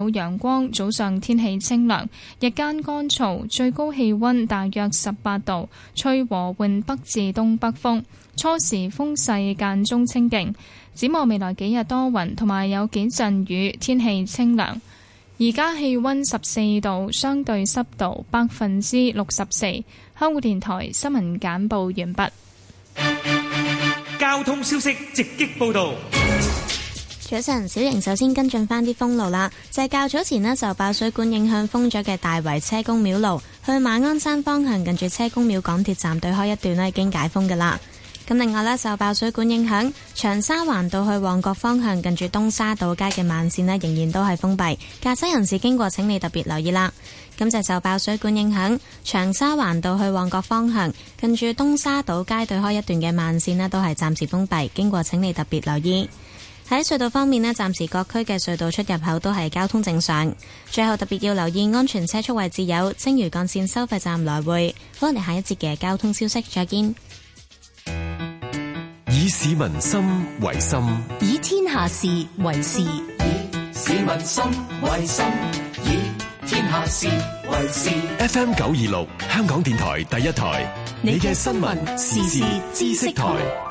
有陽光，早上天氣清涼，日間乾燥，最高氣溫大約十八度，吹和緩北至東北風，初時風勢間中清勁。展望未來幾日多雲同埋有幾陣雨，天氣清涼。而家氣溫十四度，相對濕度百分之六十四。香港電台新聞簡報完畢。交通消息直擊報道。早晨，小瑩首先跟進翻啲封路啦。就係較早前呢，受爆水管影響封咗嘅大圍車公廟路，去馬鞍山方向，近住車公廟港鐵站對開一段呢已經解封噶啦。咁另外呢，受爆水管影響，長沙環道去旺角方向，近住東沙島街嘅慢線呢仍然都係封閉，駕駛人士經過，請你特別留意啦。咁就受爆水管影響，長沙環道去旺角方向，近住東沙島街對開一段嘅慢線呢都係暫時封閉，經過，請你特別留意。喺隧道方面呢，暫時各區嘅隧道出入口都係交通正常。最後特別要留意安全車速位置有青嶼幹線收費站來回。好，我哋下一節嘅交通消息，再見。以市民心為心，以天下事為事。以市民心為心，以天下事為事。F M 九二六，香港電台第一台，你嘅新聞時事知識台。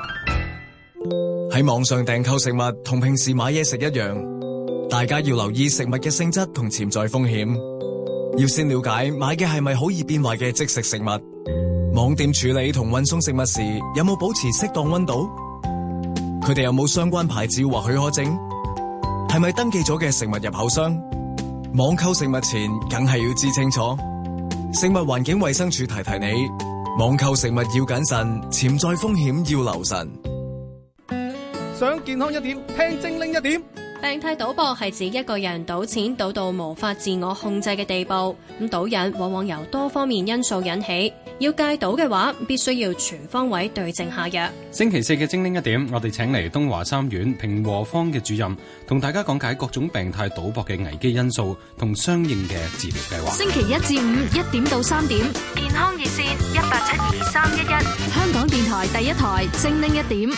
喺網上訂購食物同平時買嘢食一樣，大家要留意食物嘅性質同潛在風險，要先了解買嘅係咪好易變壞嘅即食食物。網店處理同運送食物時有冇保持適當溫度？佢哋有冇相關牌照或許可證？係咪登記咗嘅食物入口商？網購食物前，梗係要知清楚。食物環境衛生署提提你，網購食物要謹慎，潛在風險要留神。想健康一點，聽精靈一點。病態賭博係指一個人賭錢賭到無法自我控制嘅地步。咁賭癮往往由多方面因素引起。要戒賭嘅話，必須要全方位對症下藥。星期四嘅精靈一點，我哋請嚟東華三院平和坊嘅主任同大家講解各種病態賭博嘅危機因素同相應嘅治療計劃。星期一至五一點到三點，健康熱線一八七二三一一，2, 3, 1, 1香港電台第一台精靈一點。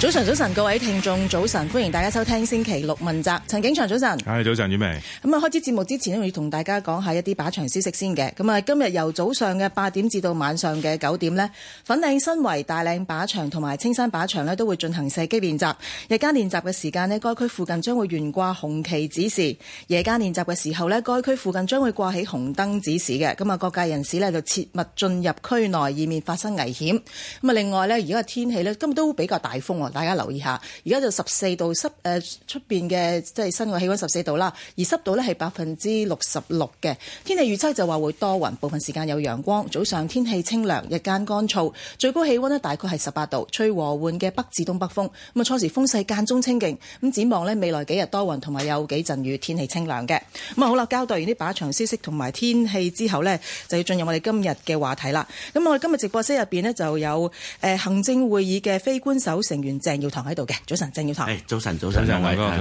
早晨，早晨，各位聽眾早晨，歡迎大家收聽星期六問責。陳景祥，早晨。係早晨，婉薇。咁啊，開始節目之前咧，我要同大家講下一啲靶場消息先嘅。咁啊，今日由早上嘅八點至到晚上嘅九點咧，粉嶺新圍大嶺靶場同埋青山靶場咧，都會進行射擊練習，日間練習嘅時間咧，該區附近將會懸掛紅旗指示；夜間練習嘅時候咧，該區附近將會掛起紅燈指示嘅。咁啊，各界人士咧就切勿進入區內，以免發生危險。咁啊，另外咧，而家嘅天氣咧，今日都比較大風。大家留意下，而家就十四度濕，誒出邊嘅即係新嘅氣溫十四度啦，而濕度咧係百分之六十六嘅。天氣預測就話會多雲，部分時間有陽光，早上天氣清涼，日間乾燥，最高氣溫咧大概係十八度，吹和緩嘅北至東北風，咁啊，初時風勢間中清勁，咁展望咧未來幾日多雲同埋有幾陣雨，天氣清涼嘅。咁啊、嗯，好啦，交代完啲把場消息同埋天氣之後咧，就要進入我哋今日嘅話題啦。咁我哋今日直播室入邊咧就有誒、呃、行政會議嘅非官守成員。鄭耀棠喺度嘅，早晨，鄭耀棠。早晨，早晨，早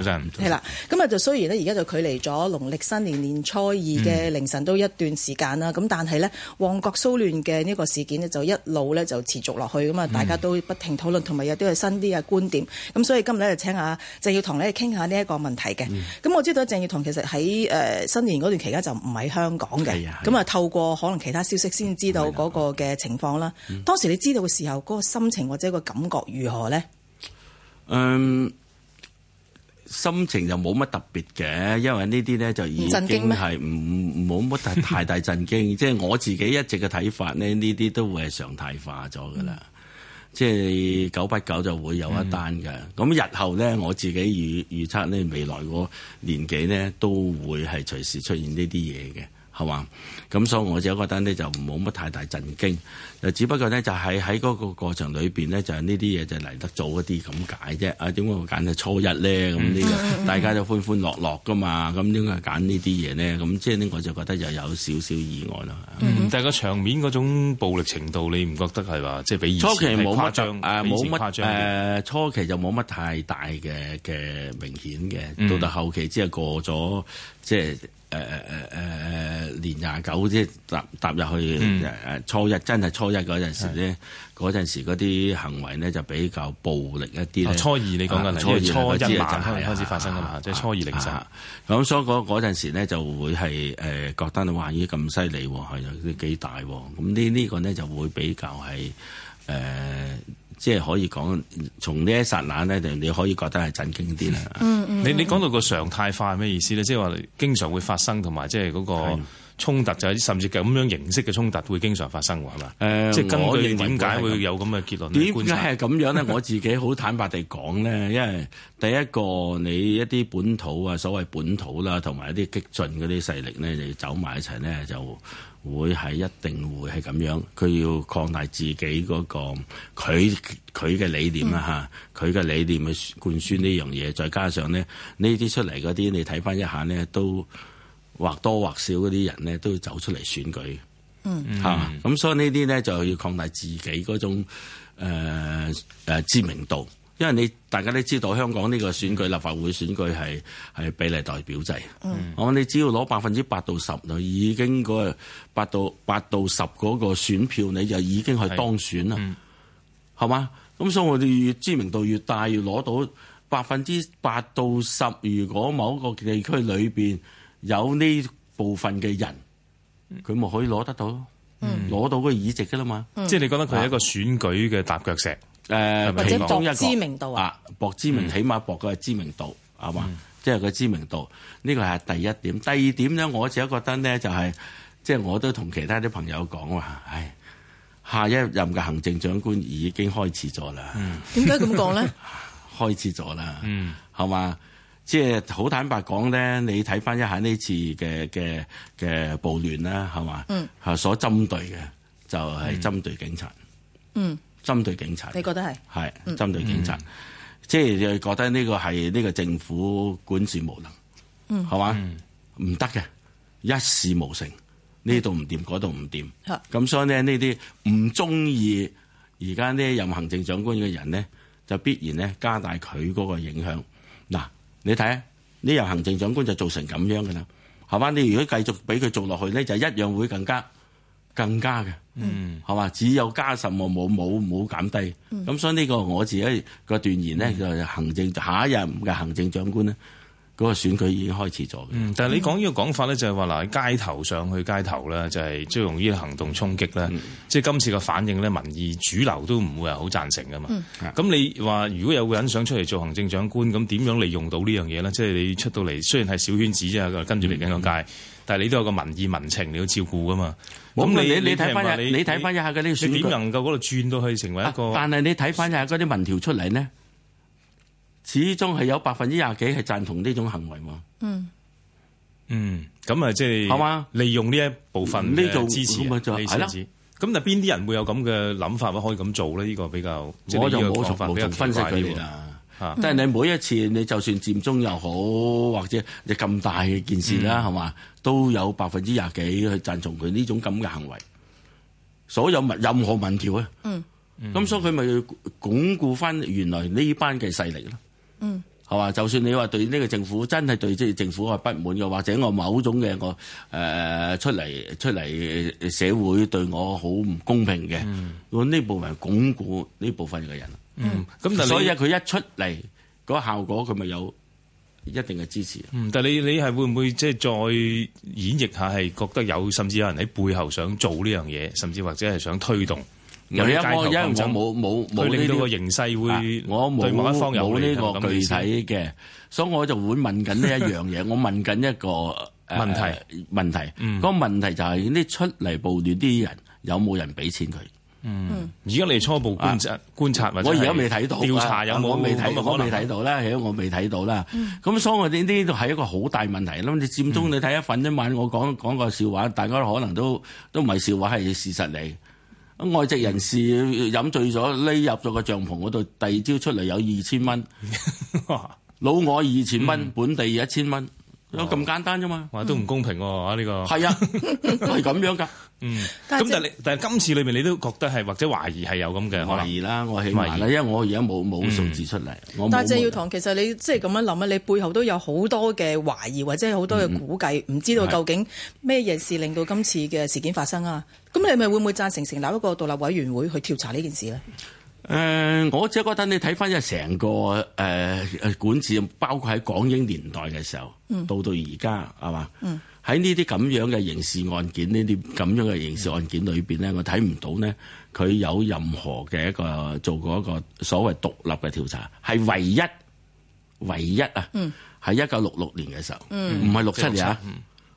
晨。係啦，咁啊，就雖然咧，而家就距離咗農曆新年年初二嘅凌晨都一段時間啦，咁但係呢旺角騷亂嘅呢個事件呢，就一路呢就持續落去，咁啊，大家都不停討論，同埋有啲係新啲嘅觀點。咁所以今日呢，就請下鄭耀棠呢傾下呢一個問題嘅。咁我知道鄭耀棠其實喺誒新年嗰段期間就唔喺香港嘅，咁啊透過可能其他消息先知道嗰個嘅情況啦。當時你知道嘅時候，嗰個心情或者個感覺如何呢？嗯，心情就冇乜特別嘅，因為呢啲咧就已經係唔冇乜太太大震驚。即係 我自己一直嘅睇法咧，呢啲都會係常態化咗噶啦。即係久不久就會有一單噶。咁、嗯、日後咧，我自己預預測咧，未來個年紀咧都會係隨時出現呢啲嘢嘅。係嘛？咁、啊、所以我就覺得咧就冇乜太大震驚，就只不過咧就係喺嗰個過程裏邊咧就係呢啲嘢就嚟得早一啲咁解啫。啊，點解會揀到初一咧？咁呢、嗯、大家就歡歡樂樂㗎嘛？咁點解揀呢啲嘢咧？咁即係呢，就是、我就覺得又有少少意外咯。嗯嗯、但係個場面嗰種暴力程度，你唔覺得係話即係比初期冇誇張？冇乜誒初期就冇乜太大嘅嘅明顯嘅，嗯、到到後期即係過咗即係誒誒誒誒年廿九即係踏入去誒、嗯、初一，真係初一嗰陣時咧，嗰陣是的 時嗰啲行為咧就比較暴力一啲。初二你講緊、啊、初二初一晚可能開始發生噶嘛，即係、啊、初二凌晨。咁所以嗰嗰陣時咧就會係誒覺得哇咦咁犀利喎，係幾大喎。咁呢呢個咧就會比較係誒，即、呃、係、就是、可以講從呢一剎那咧，你可以覺得係震驚啲啦。你你講到個常態化係咩意思咧？即係話經常會發生同埋即係嗰個。衝突就係甚至咁樣形式嘅衝突會經常發生喎，係嘛、呃？誒，即係根據點解會有咁嘅結論？點解係咁樣咧？ 我自己好坦白地講咧，因為第一個你一啲本土啊，所謂本土啦，同埋一啲激進嗰啲勢力咧，你走埋一齊咧，就會係一定會係咁樣。佢要擴大自己嗰、嗰個佢佢嘅理念啊嚇，佢嘅 理念去灌輸呢樣嘢，再加上咧呢啲出嚟嗰啲，你睇翻一下咧都。或多或少嗰啲人咧，都要走出嚟選舉，嚇咁、嗯，所以呢啲咧就要擴大自己嗰種誒、呃、知名度，因為你大家都知道香港呢個選舉、嗯、立法會選舉係係比例代表制，嗯、我你只要攞百分之八到十就已經嗰八到八到十嗰個選票你就已經去當選啦，係嘛？咁、嗯、所以我哋越知名度越大，越攞到百分之八到十。如果某個地區裏邊，有呢部分嘅人，佢咪可以攞得到，攞、嗯、到個議席噶啦嘛？嗯、即係你覺得佢係一個選舉嘅踏腳石，誒、啊，呃、或者中一個博知名度啊，博、啊、知，知名度，起碼博個知名度係嘛？即係、就是、個知名度，呢個係第一點。第二點咧，我自己覺得咧、就是，就係即係我都同其他啲朋友講話，唉，下一任嘅行政長官已經開始咗啦。點解咁講咧？呢開始咗啦，係嘛、嗯？即係好坦白講咧，你睇翻一下呢次嘅嘅嘅暴亂啦，係嘛？嗯。嚇，所針對嘅就係針對警察。嗯。針對警察。針對警察。你、嗯、覺得係？係。嗯。針對警察，即係你覺得呢個係呢個政府管治無能。嗯。係嘛？唔得嘅，一事無成，呢度唔掂，嗰度唔掂。咁、嗯、是所以咧，呢啲唔中意而家呢任行政長官嘅人咧，就必然咧加大佢嗰個影響嗱。你睇啊，呢任行政長官就做成咁樣噶啦，係嘛？你如果繼續俾佢做落去咧，就一樣會更加更加嘅，係嘛、嗯？只有加十冇冇冇減低，咁、嗯、所以呢個我自己個斷言咧，就是、行政下一任嘅行政長官咧。嗰個選舉已經開始咗嘅，但係你講呢個講法咧，就係話嗱喺街頭上去街頭咧，就係最容易行動衝擊咧，即係今次嘅反應咧，民意主流都唔會係好贊成嘅嘛。咁你話如果有個人想出嚟做行政長官，咁點樣利用到呢樣嘢咧？即係你出到嚟，雖然係小圈子啫，跟住嚟緊個街，但係你都有個民意民情你要照顧噶嘛。咁你你睇翻一，你睇翻一下呢個選舉點能夠嗰度轉到去成為一個？但係你睇翻一下嗰啲民調出嚟咧。始終係有百分之廿幾係贊同呢種行為嘛。嗯嗯，咁啊，即係係嘛，利用呢一部分呢嘅支持咪係啦。咁但係邊啲人會有咁嘅諗法，可以咁做咧？呢個比較我就冇從冇分析佢哋啦。但係你每一次，你就算佔中又好，或者你咁大嘅件事啦，係嘛，都有百分之廿幾去贊同佢呢種咁嘅行為。所有文，任何民調啊，嗯，咁所以佢咪鞏固翻原來呢班嘅勢力咯。嗯，係嘛？就算你話對呢個政府真係對即係政府係不滿嘅，或者我某種嘅我誒、呃、出嚟出嚟社會對我好唔公平嘅，嗯、我呢部分係鞏固呢部分嘅人。嗯，咁但、嗯、所以佢一出嚟嗰效果佢咪有一定嘅支持。嗯、但係你你係會唔會即係再演繹下？係覺得有甚至有人喺背後想做呢樣嘢，甚至或者係想推動。嗯原一我因為我冇冇冇呢啲形勢會，我冇冇呢個具體嘅，所以我就會問緊呢一樣嘢。我問緊一個問題問題，個問題就係呢出嚟暴亂啲人有冇人俾錢佢？嗯，而家你初步觀察觀察，我而家未睇到調查有冇？未睇到可能未睇到啦，因為我未睇到啦。咁所以我哋呢度係一個好大問題。咁你佔中你睇一份一嘛？我講講個笑話，大家可能都都唔係笑話，係事實嚟。外籍人士飲醉咗，匿入咗個帳篷嗰度，第二朝出嚟有二千蚊，老外二千蚊，本地一千蚊，咁簡單啫嘛，都唔公平喎，呢個係啊，係咁樣噶，嗯，咁但係但係今次裏面你都覺得係或者懷疑係有咁嘅懷疑啦，我起碼啦，因為我而家冇冇數字出嚟，但係鄭耀棠其實你即係咁樣諗啊，你背後都有好多嘅懷疑或者好多嘅估計，唔知道究竟咩嘢事令到今次嘅事件發生啊？咁你咪會唔會贊成成立一個獨立委員會去調查呢件事咧？誒、呃，我只覺得你睇翻，即係成個誒誒管治，包括喺港英年代嘅時候，到到而家係嘛，嗯，喺呢啲咁樣嘅刑事案件，呢啲咁樣嘅刑事案件裏邊咧，嗯、我睇唔到咧，佢有任何嘅一個做過一個所謂獨立嘅調查，係唯一，唯一啊，嗯，喺一九六六年嘅時候，嗯，唔係六七年啊，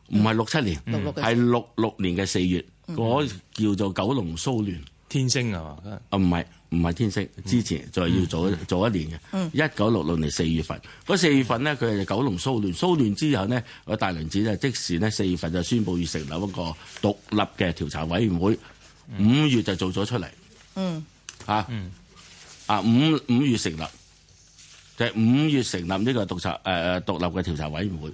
唔係六七年，六六年，係六六年嘅四月。嗰叫做九龍騷亂天星啊嘛？啊唔係唔係天星，之前就係要做，嗯、做一年嘅。一九六六年四月份，四，嗯、月份咧，佢係九龍騷亂。騷亂之後咧，個戴麟趾咧即時咧四月份就宣布要成立一個獨立嘅調查委員會，五月就做咗出嚟。嗯，嚇、啊，嗯、啊五五月成立，就係，是，五月成立呢個獨，呃、獨立嘅調查委員會。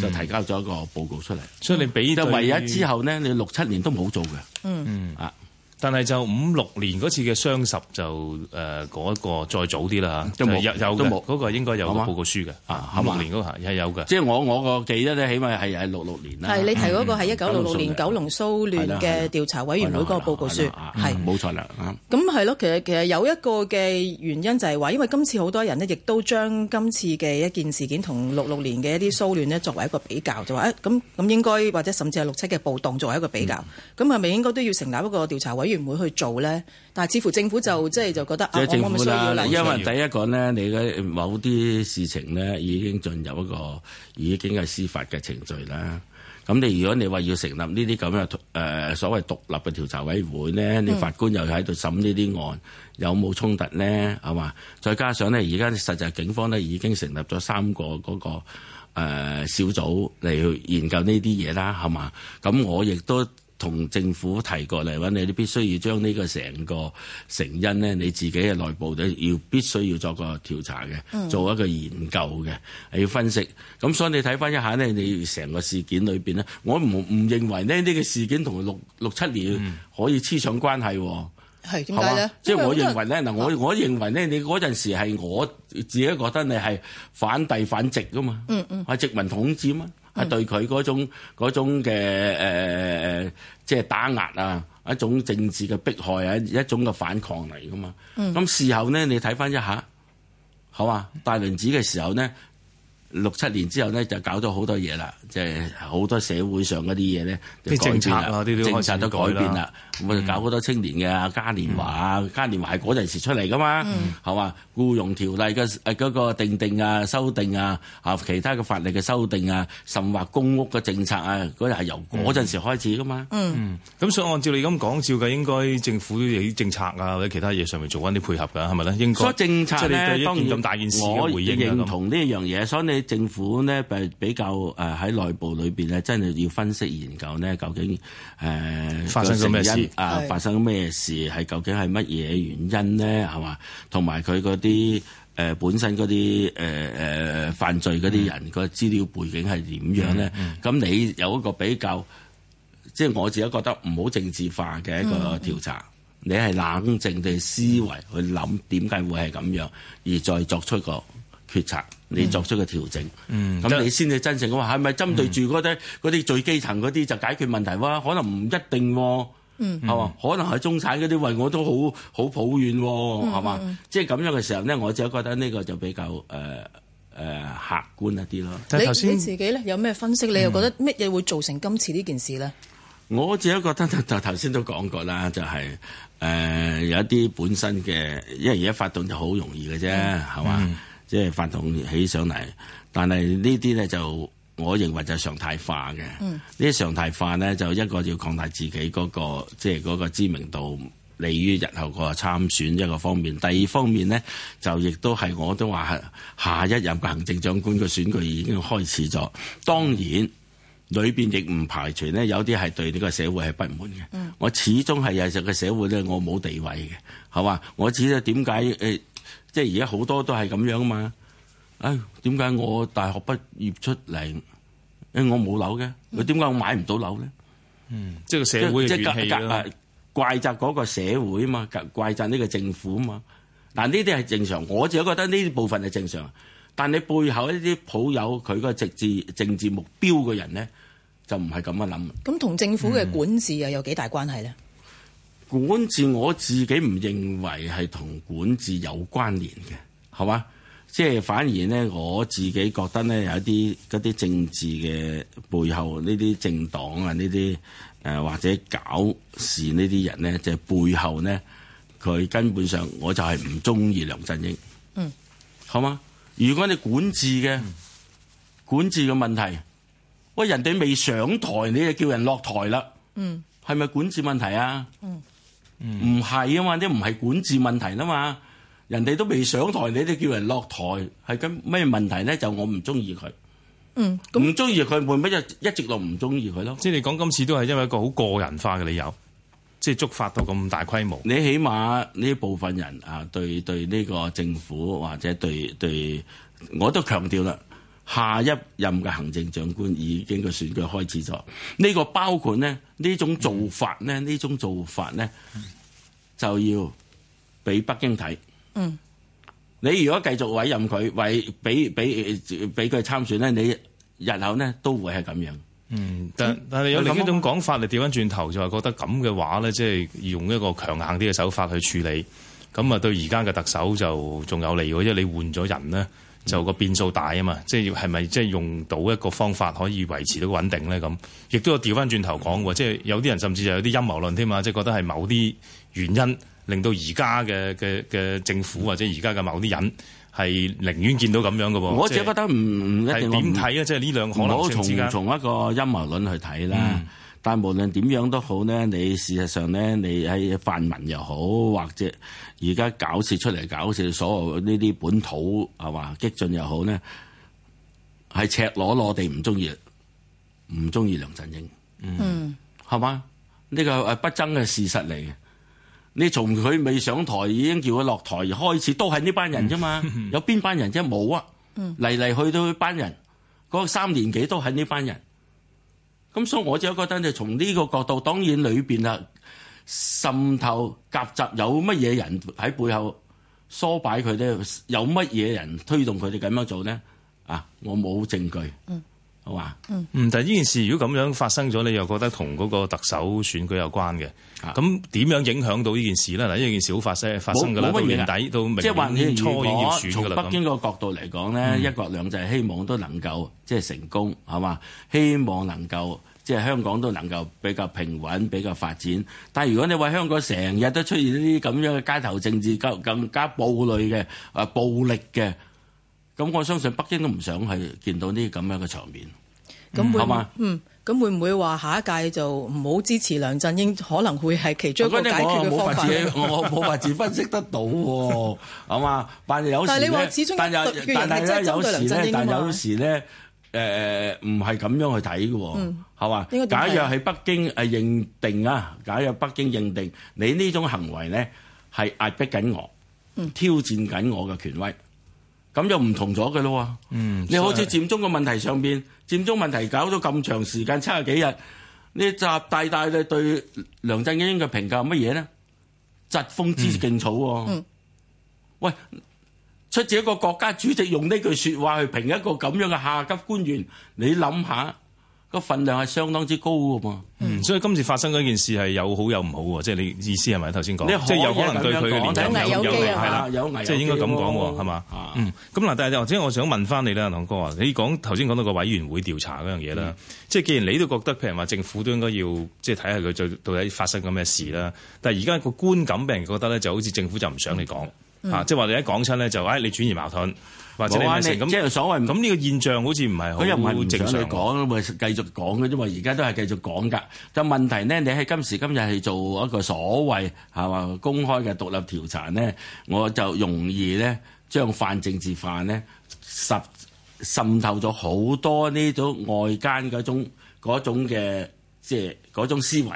就提交咗一個報告出嚟，所以你俾，得唯一之後咧，你六七年都冇做嘅，嗯嗯啊。但係就五六年嗰次嘅雙十就誒嗰個再早啲啦嚇，有有嗰個應該有報告書嘅，啊五六年嗰下係有嘅，即係我我個記得起碼係係六六年啦。係你提嗰個係一九六六年九龍騷亂嘅調查委員會嗰個報告書，係冇錯啦。咁係咯，其實其實有一個嘅原因就係話，因為今次好多人呢，亦都將今次嘅一件事件同六六年嘅一啲騷亂呢作為一個比較，就話咁咁應該或者甚至係六七嘅暴動作為一個比較，咁係咪應該都要成立一個調查委？委員會去做咧，但係似乎政府就即係就覺得就啊，政府唔需要。因為第一個咧，你嘅某啲事情咧已經進入一個已經係司法嘅程序啦。咁你如果你話要成立呢啲咁嘅誒所謂獨立嘅調查委員會咧，你法官又喺度審呢啲案有冇衝突咧？係嘛，再加上咧而家實際警方咧已經成立咗三個嗰、那個誒、呃、小組嚟去研究呢啲嘢啦，係嘛。咁我亦都。同政府提過，嚟揾你，你必須要將呢個成個成因咧，你自己嘅內部都要必須要作個調查嘅，做一個研究嘅，要分析。咁、嗯、所以你睇翻一下咧，你成個事件裏邊咧，我唔唔認為咧呢個事件同六六七年可以黐上關係喎。係點解咧？即係我認為咧嗱，我、那個、我認為咧，你嗰陣時係我自己覺得你係反帝反殖噶嘛，係、嗯嗯、殖民統治嘛。啊！對佢種種嗰種嘅誒，即係打壓啊，一種政治嘅迫害啊，一種嘅反抗嚟噶嘛。咁事後咧，你睇翻一下，好啊，大輪子嘅時候咧，六七年之後咧，就搞咗好多嘢啦。即係好多社會上嗰啲嘢咧，啲政策啊，啲政策都改變啦。咁啊，搞好多青年嘅嘉、嗯、年華，啊，嘉年華係嗰陣時出嚟噶嘛，係嘛、嗯？僱傭條例嘅誒嗰個定定啊、修訂啊，啊其他嘅法例嘅修訂啊，甚或公屋嘅政策啊，嗰陣係由嗰陣時開始噶嘛。嗯，咁所以按照你咁講，照計應該政府都有啲政策啊，或者其他嘢上面做緊啲配合㗎，係咪咧？應該政策咧，當然咁大件事嘅回應，我認同呢一樣嘢，所以你政府咧，誒比較誒喺。呃內部裏邊咧，真係要分析研究呢究竟誒、呃、發生咗咩事，事是啊？發生咩事係究竟係乜嘢原因呢？係嘛？同埋佢嗰啲誒本身嗰啲誒誒犯罪嗰啲人個資料背景係點樣呢？咁、嗯嗯、你有一個比較，即、就、係、是、我自己覺得唔好政治化嘅一個調查，嗯嗯、你係冷靜地思維去諗點解會係咁樣，而再作出個決策，你作出嘅調整，咁、嗯、你先至真正話係咪針對住嗰啲嗰啲最基層嗰啲就解決問題喎？可能唔一定喎，係嘛？可能係中產嗰啲，喂，我都好好抱怨喎，係嘛？嗯嗯、即係咁樣嘅時候咧，我自己覺得呢個就比較誒誒、呃呃、客觀一啲咯。你自己咧有咩分析？你又覺得乜嘢會造成今次呢件事咧、嗯？我自己覺得就就頭先都講過啦，就係、是、誒、呃、有一啲本身嘅，因為而家發動就好容易嘅啫，係嘛？嗯即係發動起上嚟，但係呢啲咧就我認為就常態化嘅。呢啲、嗯、常態化咧就一個要擴大自己嗰、嗰個即係嗰個知名度，利於日後個參選一個方面。第二方面咧就亦都係我都話下一任行政長官嘅選舉已經開始咗。當然裏邊亦唔排除咧有啲係對呢個社會係不滿嘅。嗯、我始終係現實嘅社會咧，我冇地位嘅，係嘛？我只係點解誒？即係而家好多都係咁樣啊嘛！唉，點解我大學畢業出嚟，因為我冇樓嘅，佢點解我買唔到樓咧？嗯，即係個社會戾氣咯，怪責嗰個社會啊嘛，怪責呢個政府啊嘛。但呢啲係正常，我自己覺得呢啲部分係正常，但你背後一啲抱有佢個政治政治目標嘅人咧，就唔係咁樣諗。咁同、嗯、政府嘅管治又有幾大關係咧？管治我自己唔認為係同管治有關聯嘅，係嘛？即係反而咧，我自己覺得咧，有啲啲政治嘅背後，呢啲政黨啊，呢啲誒或者搞事呢啲人咧，即係背後咧，佢根本上我就係唔中意梁振英。嗯，好嘛？如果你管治嘅、嗯、管治嘅問題，喂，人哋未上台，你就叫人落台啦。嗯，係咪管治問題啊？嗯。唔係啊嘛，啲唔係管治問題啦嘛，人哋都未上台、台，你哋叫人落台，係咁咩問題咧？就我唔中意佢，嗯，唔中意佢，會唔會一直落唔中意佢咯？即係你講今次都係因為一個好個人化嘅理由，即係觸發到咁大規模。你起碼呢一部分人啊，對對呢個政府或者對對、對，我都強調啦。下一任嘅行政長官已經個選舉開始咗，呢、這個包括咧呢種做法咧，呢種做法呢，做法呢就要俾北京睇。嗯，你如果繼續委任佢委俾俾俾佢參選呢，你日後呢都會係咁樣。嗯，但但係有另一種講法，你調翻轉頭就話覺得咁嘅話呢，即係用一個強硬啲嘅手法去處理，咁啊對而家嘅特首就仲有利，因為你換咗人呢。就個變數大啊嘛，即係係咪即係用到一個方法可以維持到穩定咧？咁亦都有調翻轉頭講喎，即係有啲人甚至有啲陰謀論添嘛，即係覺得係某啲原因令到而家嘅嘅嘅政府或者而家嘅某啲人係寧願見到咁樣嘅喎。嗯、是我只係覺得唔唔一定，點睇啊？不即係呢兩可能性之間，從從一個陰謀論去睇啦。嗯但無論點樣都好咧，你事實上咧，你喺泛民又好，或者而家搞事出嚟搞事，所有呢啲本土係嘛激進又好咧，係赤裸裸哋唔中意，唔中意梁振英，嗯，係嘛、嗯？呢、這個誒不爭嘅事實嚟嘅。你從佢未上台已經叫佢落台而開始，都係呢班人啫嘛，嗯、 有邊班人啫？冇啊，嚟嚟去去班人，個三年幾都係呢班人。咁所以我就覺得就從呢個角度，當然裏邊啊滲透夾雜有乜嘢人喺背後唆擺佢哋，有乜嘢人推動佢哋咁樣做咧？啊，我冇證據，好嘛？嗯，但係呢件事如果咁樣發生咗，你又覺得同嗰個特首選舉有關嘅？咁點、啊、樣影響到呢件事咧？嗱，呢件事好發生發生㗎啦，到年底到明年初已經要選㗎啦。即係話，如果從北京個角度嚟講咧，嗯、一國兩制希望都能夠即係、就是、成功，係嘛？希望能夠。即係香港都能夠比較平穩、比較發展。但係如果你話香港成日都出現呢啲咁樣嘅街頭政治，更加暴戾嘅、誒暴力嘅，咁我相信北京都唔想係見到呢啲咁樣嘅場面，係嘛？嗯，咁會唔會話下一屆就唔好支持梁振英？可能會係其中一個解決嘅方法。我冇辦法子分析得到喎，係嘛？但係你話始終係對你即係針對梁振英啊。誒，唔係咁樣去睇嘅，係嘛、嗯？吧假若喺北京誒認定啊，假若北京認定你呢種行為咧係壓迫緊我，挑戰緊我嘅權威，咁又唔同咗嘅咯。嗯，嗯你好似佔中嘅問題上邊，佔、嗯、中問題搞咗咁長時間七十幾日，你習大大對梁振英嘅評價乜嘢呢？疾風知勁草嗯。嗯。喂。出自一個國家主席用呢句說話去評一個咁樣嘅下級官員，你諗下個份量係相當之高噶嘛？嗯，所以今次發生嗰件事係有好有唔好，即係你意思係咪頭先講？可即係有可能對佢連任有危機，啊，係啦，啊，啊，即係應該咁講喎，係嘛？咁嗱，但係或者我想問翻你啦，棠哥啊，你講頭先講到個委員會調查嗰樣嘢啦，嗯，即係既然你都覺得譬如話政府都應該要即係睇下佢最到底發生緊咩事啦，但係而家個觀感俾人覺得咧就好似政府就唔想你講。 啊！即係話你一講親咧，就誒、哎、你轉移矛盾，或者你關那即係所謂咁？咁呢個現象好似唔係好正正常。佢又唔係唔想去講，咪繼續講嘅啫嘛。而家都係繼續講㗎。但問題呢，你喺今時今日係做一個所謂係話公開嘅獨立調查呢，我就容易咧將泛政治化呢滲滲透咗好多呢種外間嗰種嗰種嘅即係嗰種思維，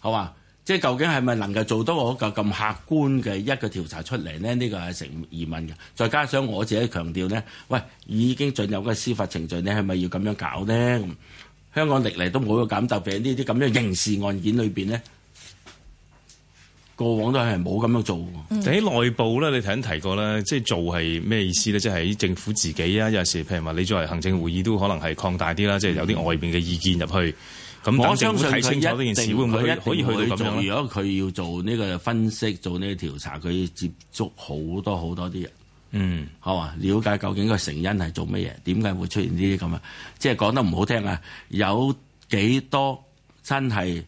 好嘛？即係究竟係咪能夠做到嗰個咁客觀嘅一個調查出嚟呢？呢個係成疑問嘅。再加上我自己強調呢，喂，已經進入嗰個司法程序，你係咪要咁樣搞咧？香港歷嚟都冇咁做，特別呢啲咁樣刑事案件裏邊呢，過往都係冇咁樣做。喺、嗯嗯、內部咧，你頭先提過咧，即係做係咩意思咧？即係政府自己啊，有時譬如話你作為行政會議都可能係擴大啲啦，嗯、即係有啲外邊嘅意見入去。咁我相信佢一定，佢一定可以去做。如果佢要做呢個分析，做呢個調查，佢要接觸好多好多啲人，嗯，好嘛？了解究竟個成因係做乜嘢？點解會出現呢啲咁啊？即係講得唔好聽啊，有幾多真係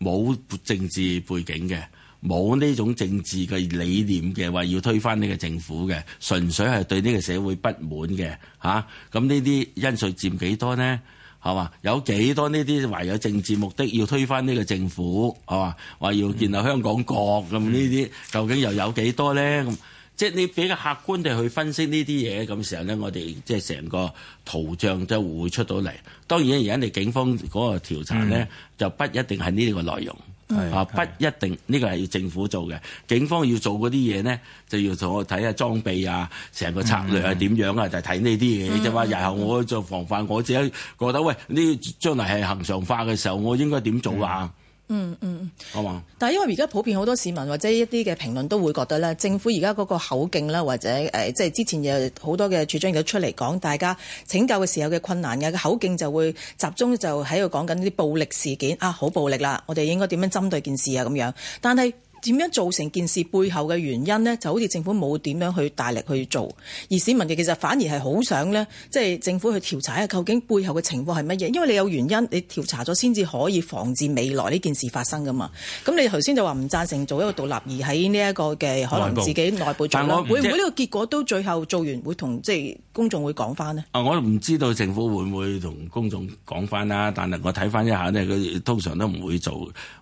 冇政治背景嘅，冇呢種政治嘅理念嘅，話，要推翻呢個政府嘅，純粹係對呢個社會不滿嘅，吓、啊，咁呢啲因素佔幾多呢？係嘛？有幾多呢啲懷有政治目的要推翻呢個政府？係嘛？話要建立香港國咁呢啲，究竟又有幾多咧？咁即係你比較客觀地去分析呢啲嘢咁時候咧，我哋即係成個圖像就會出到嚟。當然，而家你警方嗰個調查咧就不一定係呢個內容。嗯嗯。啊，的不一定呢個係要政府做嘅，警方要做嗰啲嘢咧，就要同我睇下裝備啊，成個策略係點樣啊，就係睇呢啲嘢啫嘛。日後我就防範，我自己覺得，喂，呢將來係恒常化嘅時候，我應該點做啊？嗯嗯嗯，嗯好嘛嗎？但係因為而家普遍好多市民或者一啲嘅評論都會覺得咧，政府而家嗰個口徑啦，或者誒，即、呃、係之前有好多嘅處長亦都出嚟講，大家拯救嘅時候嘅困難嘅個口徑就會集中就喺度講緊啲暴力事件啊，好暴力啦，我哋應該點樣針對件事啊咁樣，但係。點樣做成件事背後嘅原因呢，就好似政府冇點樣去大力去做，而市民嘅其實反而係好想呢，即係政府去調查一下究竟背後嘅情況係乜嘢，因為你有原因，你調查咗先至可以防止未來呢件事發生噶嘛。咁你頭先就話唔贊成做一個獨立，而喺呢一個嘅可能自己內部做咯。會唔會呢個結果都最後做完會同即係？公眾會講翻呢？啊，我唔知道政府會唔會同公眾講翻啦。但係我睇翻一下呢，佢通常都唔會做，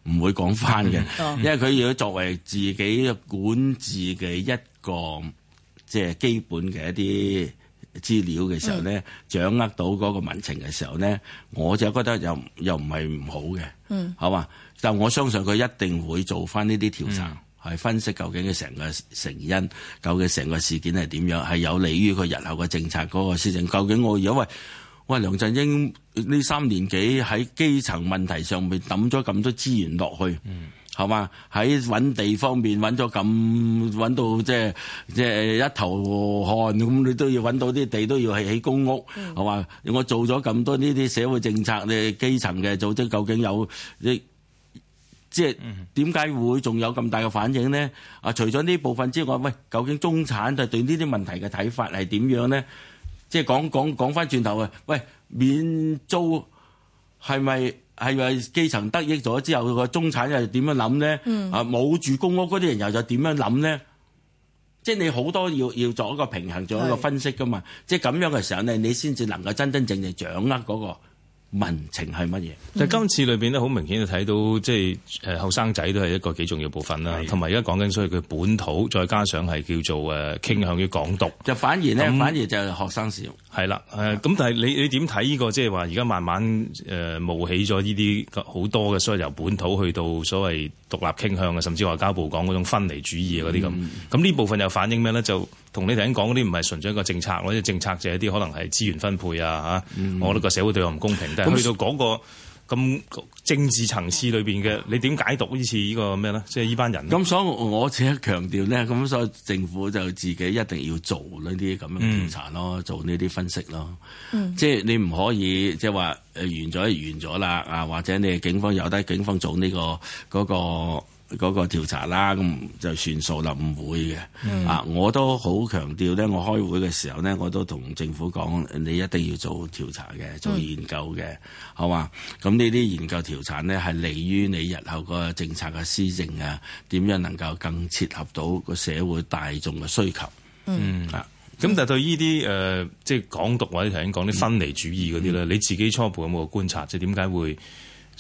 唔會講翻嘅。嗯，因為佢如果作為自己管治嘅一個即係基本嘅一啲資料嘅時候呢，嗯，掌握到嗰個民情嘅時候呢，我就覺得又又唔係唔好嘅。嗯，好嘛。但我相信佢一定會做翻呢啲調查。嗯係分析究竟嘅成個成因，究竟成個事件係點樣？係有利於佢日後嘅政策嗰、那個事情？究竟我如果喂喂梁振英呢三年幾喺基層問題上面抌咗咁多資源落去，係嘛、嗯？喺揾地方面揾咗咁揾到即係即係一頭汗咁，你都要揾到啲地都要係起公屋，係嘛？嗯、我做咗咁多呢啲社會政策，你基層嘅組織究竟有啲？即即係點解會仲有咁大嘅反應咧？啊，除咗呢部分之外，喂，究竟中產就對呢啲問題嘅睇法係點樣咧？即係講講講翻轉頭啊！喂，免租係咪係咪基層得益咗之後，個中產又點樣諗咧？嗯、啊，冇住公屋嗰啲人又又點樣諗咧？即係你好多要要做一個平衡，做一個分析噶嘛？是即係咁樣嘅時候咧，你先至能夠真真正正掌握嗰、嗰個。民情係乜嘢？但係今次裏邊咧，好明顯就睇到即係誒後生仔都係一個幾重要部分啦。同埋而家講緊所以佢本土，再加上係叫做誒傾向於港獨，就反而咧那反而就係學生少。係啦，誒咁，但係你你點睇呢個即係話而家慢慢誒冒起咗呢啲好多嘅，所以由本土去到所謂獨立傾向嘅，甚至外交部講嗰種分離主義啊嗰啲咁。咁呢、嗯嗯嗯、部分又反映咩咧？就同你頭先講嗰啲唔係純粹一個政策咯，啲政策就係一啲可能係資源分配啊嚇。嗯、我覺得個社會對我唔公平、嗯、但係。去到嗰、嗰個。嗯嗯嗯咁政治層次裏邊嘅，你點解讀這次、這個、呢次呢個咩咧？即係呢班人呢。咁所以，我只係強調咧，咁所以政府就自己一定要做呢啲咁樣調查咯，嗯、做呢啲分析咯、嗯。即係你唔可以即係話誒完咗完咗啦啊，或者你警方有得警方做呢個嗰個。嗰個嗰個調查啦，咁就算數啦，唔會嘅。嗯、啊，我都好強調咧，我開會嘅時候咧，我都同政府講，你一定要做調查嘅，做研究嘅，嗯、好嘛？咁呢啲研究調查咧，係利於你日後個政策嘅施政啊，點樣能夠更切合到個社會大眾嘅需求？嗯，嗯啊，咁但係對呢啲誒，即係港獨或者頭先講啲分離主義嗰啲咧，嗯嗯、你自己初步有冇觀察？即係點解會？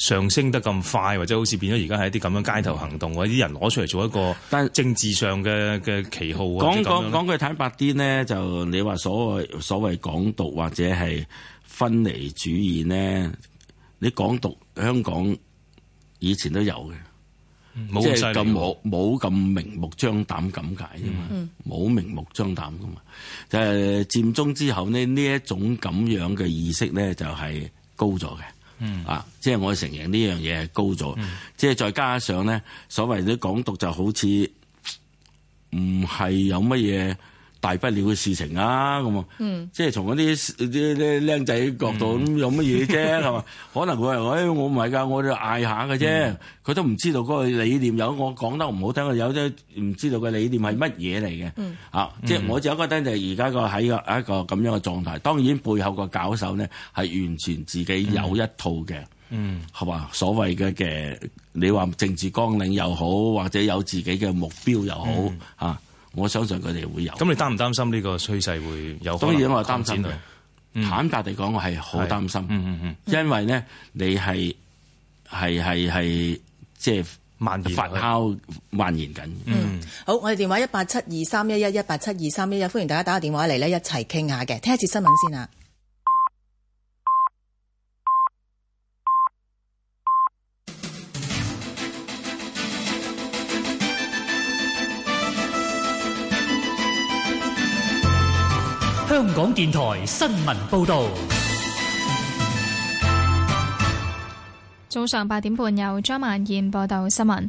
上升得咁快，或者好似變咗而家係一啲咁樣街頭行動，啲人攞出嚟做一個，但政治上嘅嘅旗號。講講講句坦白啲呢，就你話所謂所謂港獨或者係分離主義呢，你港獨香港以前都有嘅，嗯、即係咁冇冇咁明目張膽咁解啫嘛，冇、嗯嗯、明目張膽噶嘛。誒、就係、佔中之後呢，呢一種咁樣嘅意識呢，就係高咗嘅。 啊！即係我承認呢樣嘢係高咗， 即係再加上咧，所謂啲港獨就好似唔係有乜嘢。大不了嘅事情啊，咁啊，即係從嗰啲啲啲僆仔角度咁有乜嘢啫，係嘛？可能佢又話，誒，我唔係㗎，我就嗌下嘅啫。佢、嗯、都唔知道嗰個理念有，我講得唔好聽，有啲唔知道個理念係乜嘢嚟嘅。嗯、啊，即係我就覺得就係而家個喺一個咁樣嘅狀態。當然背後個教授呢係完全自己有一套嘅，係嘛，嗯嗯？所謂嘅嘅，你話政治綱領又好，或者有自己嘅目標又好啊。嗯我相信佢哋會有。咁你擔唔擔心呢個趨勢會有？當然我係擔心、嗯、坦白地講，我係好擔心。嗯嗯嗯。因為呢，你係係係係即係發酵蔓延緊。言是嗯，好，我哋電話一八七二三一一一八七二三一一，歡迎大家打個電話嚟咧，一齊傾下嘅。聽一次新聞先啊。香港電台新聞報道。早上八點半，由張曼燕報道新聞。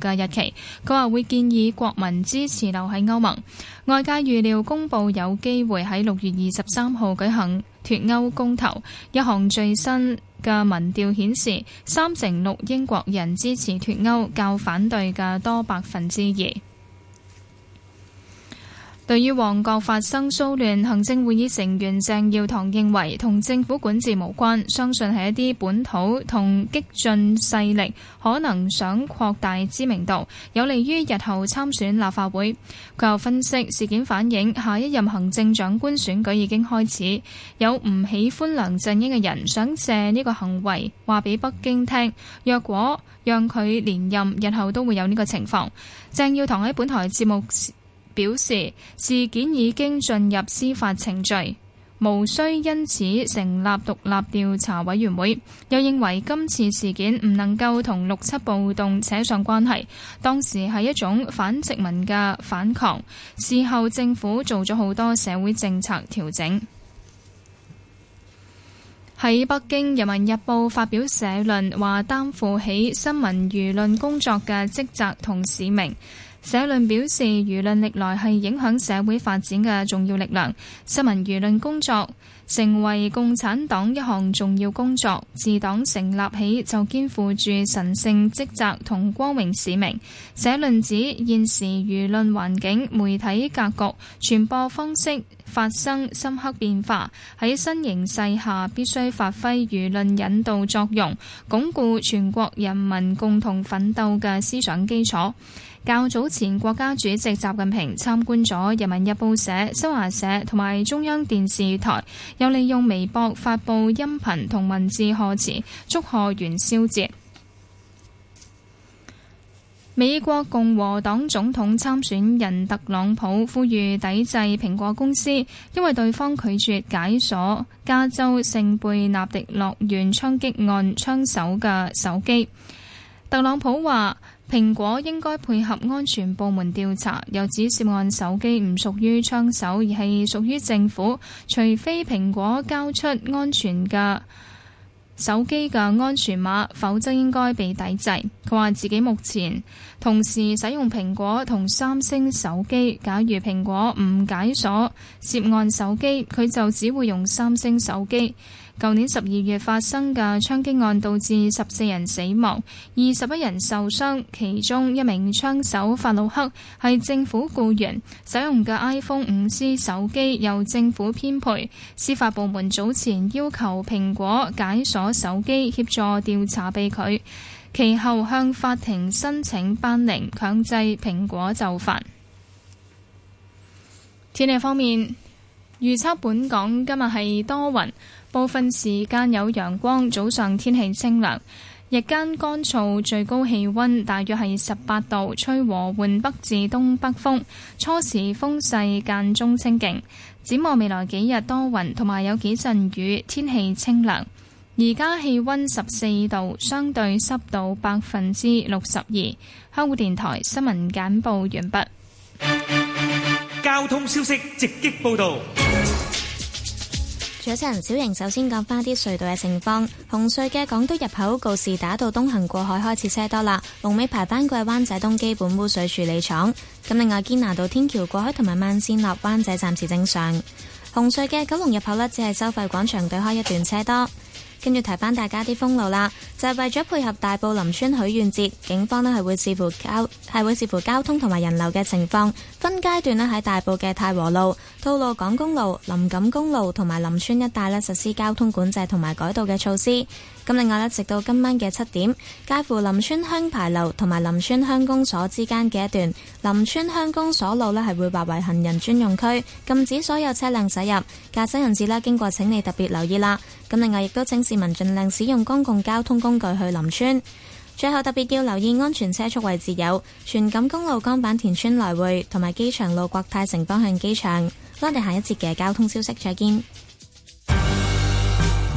嘅日期，佢話會建議國民支持留喺歐盟。外界預料公佈有機會喺六月二十三號舉行脫歐公投。一項最新嘅民調顯示，三成六英國人支持脫歐，較反對嘅多百分之二。對於旺角發生騷亂，行政會議成員鄭耀棠認為同政府管治無關，相信係一啲本土同激進勢力可能想擴大知名度，有利於日後參選立法會。佢又分析事件反映下一任行政長官選舉已經開始，有唔喜歡梁振英嘅人想借呢個行為話俾北京聽，若果讓佢連任，日後都會有呢個情況。鄭耀棠喺本台節目表示事件已經進入司法程序，無需因此成立獨立調查委員會，又認為今次事件唔能夠同六七暴動扯上關係，當時係一種反殖民嘅反抗。事後政府做咗好多社會政策調整。喺《北京人民日報》發表社論話擔負起新聞輿論工作嘅職責同使命。社論表示，輿論歷來係影響社會發展嘅重要力量。新聞輿論工作成為共產黨一項重要工作，自黨成立起就肩負住神聖職責同光榮使命。社論指，現時輿論環境、媒體格局、傳播方式發生深刻變化，喺新形勢下必須發揮輿論引導作用，鞏固全國人民共同奮鬥嘅思想基礎。較早前，國家主席習近平參觀咗人民日報社、新華社同埋中央電視台，又利用微博發布音頻同文字賀詞，祝賀元宵節。美國共和黨總統參選人特朗普呼籲抵制蘋果公司，因為對方拒絕解鎖加州聖貝納迪諾縣槍擊案槍手嘅手機。特朗普話：蘋果應該配合安全部門調查，又指涉案手機唔屬於槍手，而係屬於政府。除非蘋果交出安全嘅手機嘅安全碼，否則應該被抵制。佢話自己目前同時使用蘋果同三星手機，假如蘋果唔解鎖涉案手機，佢就只會用三星手機。舊年十二月發生嘅槍擊案，導致十四人死亡，二十一人受傷。其中一名槍手法魯克係政府僱員，使用嘅 iPhone 五 C 手機由政府編配。司法部門早前要求蘋果解鎖手機協助調查，被拒。其後向法庭申請頒令，強制蘋果就範。天氣方面，預測本港今日係多雲。部分時間有陽光，早上天氣清涼，日間乾燥，最高氣溫大約係十八度，吹和緩北至東北風，初時風勢，間中清勁。展望未來幾日多雲同埋有幾陣雨，天氣清涼。而家氣溫十四度，相對濕度百分之六十二。香港電台新聞簡報完畢。交通消息直擊報道。主持人小瑩首先講返啲隧道嘅情況，紅隧嘅港島入口告士打道東行過海開始車多啦，龍尾排班過灣仔東基本污水處理廠。咁另外堅拿道天橋過海同埋萬仙立灣仔暫時正常，紅隧嘅九龍入口呢，只係收費廣場對開一段車多。跟住提翻大家啲封路啦，就係、是、為咗配合大埔林村許願節，警方呢係會視乎交係會視乎交通同埋人流嘅情況，分階段呢喺大埔嘅太和路、吐露港公路、林錦公路同埋林村一帶呢實施交通管制同埋改道嘅措施。咁另外呢，直到今晚嘅七點，介乎林村鄉牌樓同埋林村鄉公所之間嘅一段林村鄉公所路呢，係會劃為行人專用區，禁止所有車輛駛入。駕駛人士呢，經過，請你特別留意啦。咁另外亦都請市民盡量使用公共交通工具去林村。最後特別要留意安全車速位置，有荃錦公路江板田村來回同埋機場路國泰城方向機場。我哋下一節嘅交通消息再見。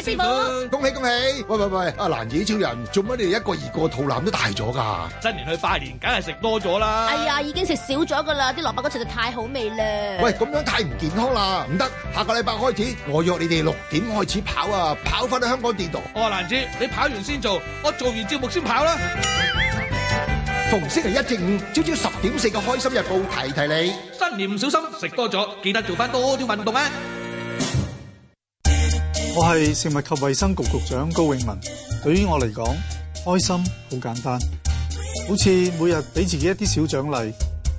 師傅，恭喜恭喜！喂喂喂，阿蘭子超人，做乜你哋一個二個肚腩都大咗噶？新年去拜年，梗係食多咗啦。哎呀，已經食少咗噶啦，啲蘿蔔糕實在太好味啦。喂，咁樣太唔健康啦，唔得。下個禮拜開始，我約你哋六點開始跑啊，跑翻去香港電台。哦，蘭子，你跑完先做，我做完節目先跑啦。逢星期一至五，朝朝十點四個開心日報提，提提你新年唔小心食多咗，記得做翻多啲運動啊！我係食物及衛生局局長高永文。對於我嚟講，開心好簡單，好似每日俾自己一啲小獎勵，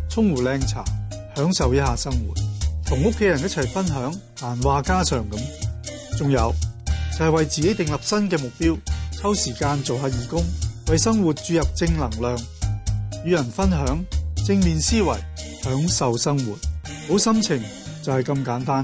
沖壺靚茶，享受一下生活，同屋企人一齊分享，閒話家常咁。仲有就係、是、為自己訂立新嘅目標，抽時間做下義工，為生活注入正能量，與人分享正面思維，享受生活，好心情就係咁簡單。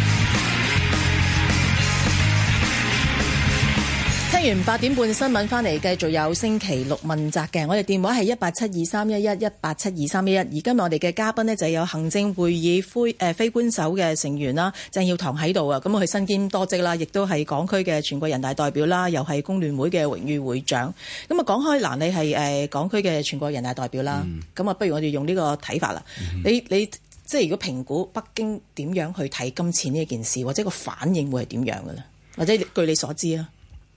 聽完八點半新聞翻嚟，繼續有星期六問責嘅。我哋電話係一八七二三一一一八七二三一一。而今日我哋嘅嘉賓呢，就係、有行政會議非誒、呃、非官守嘅成員啦，鄭耀棠喺度啊。咁佢身兼多職啦，亦都係港區嘅全國人大代表啦，又係工聯會嘅榮譽會長。咁啊，講開嗱，你係誒港區嘅全國人大代表啦。咁啊，不如我哋用呢個睇法啦。你你即係如果評估北京點樣去睇今次呢件事，或者個反應會係點樣嘅呢？或者據你所知啊？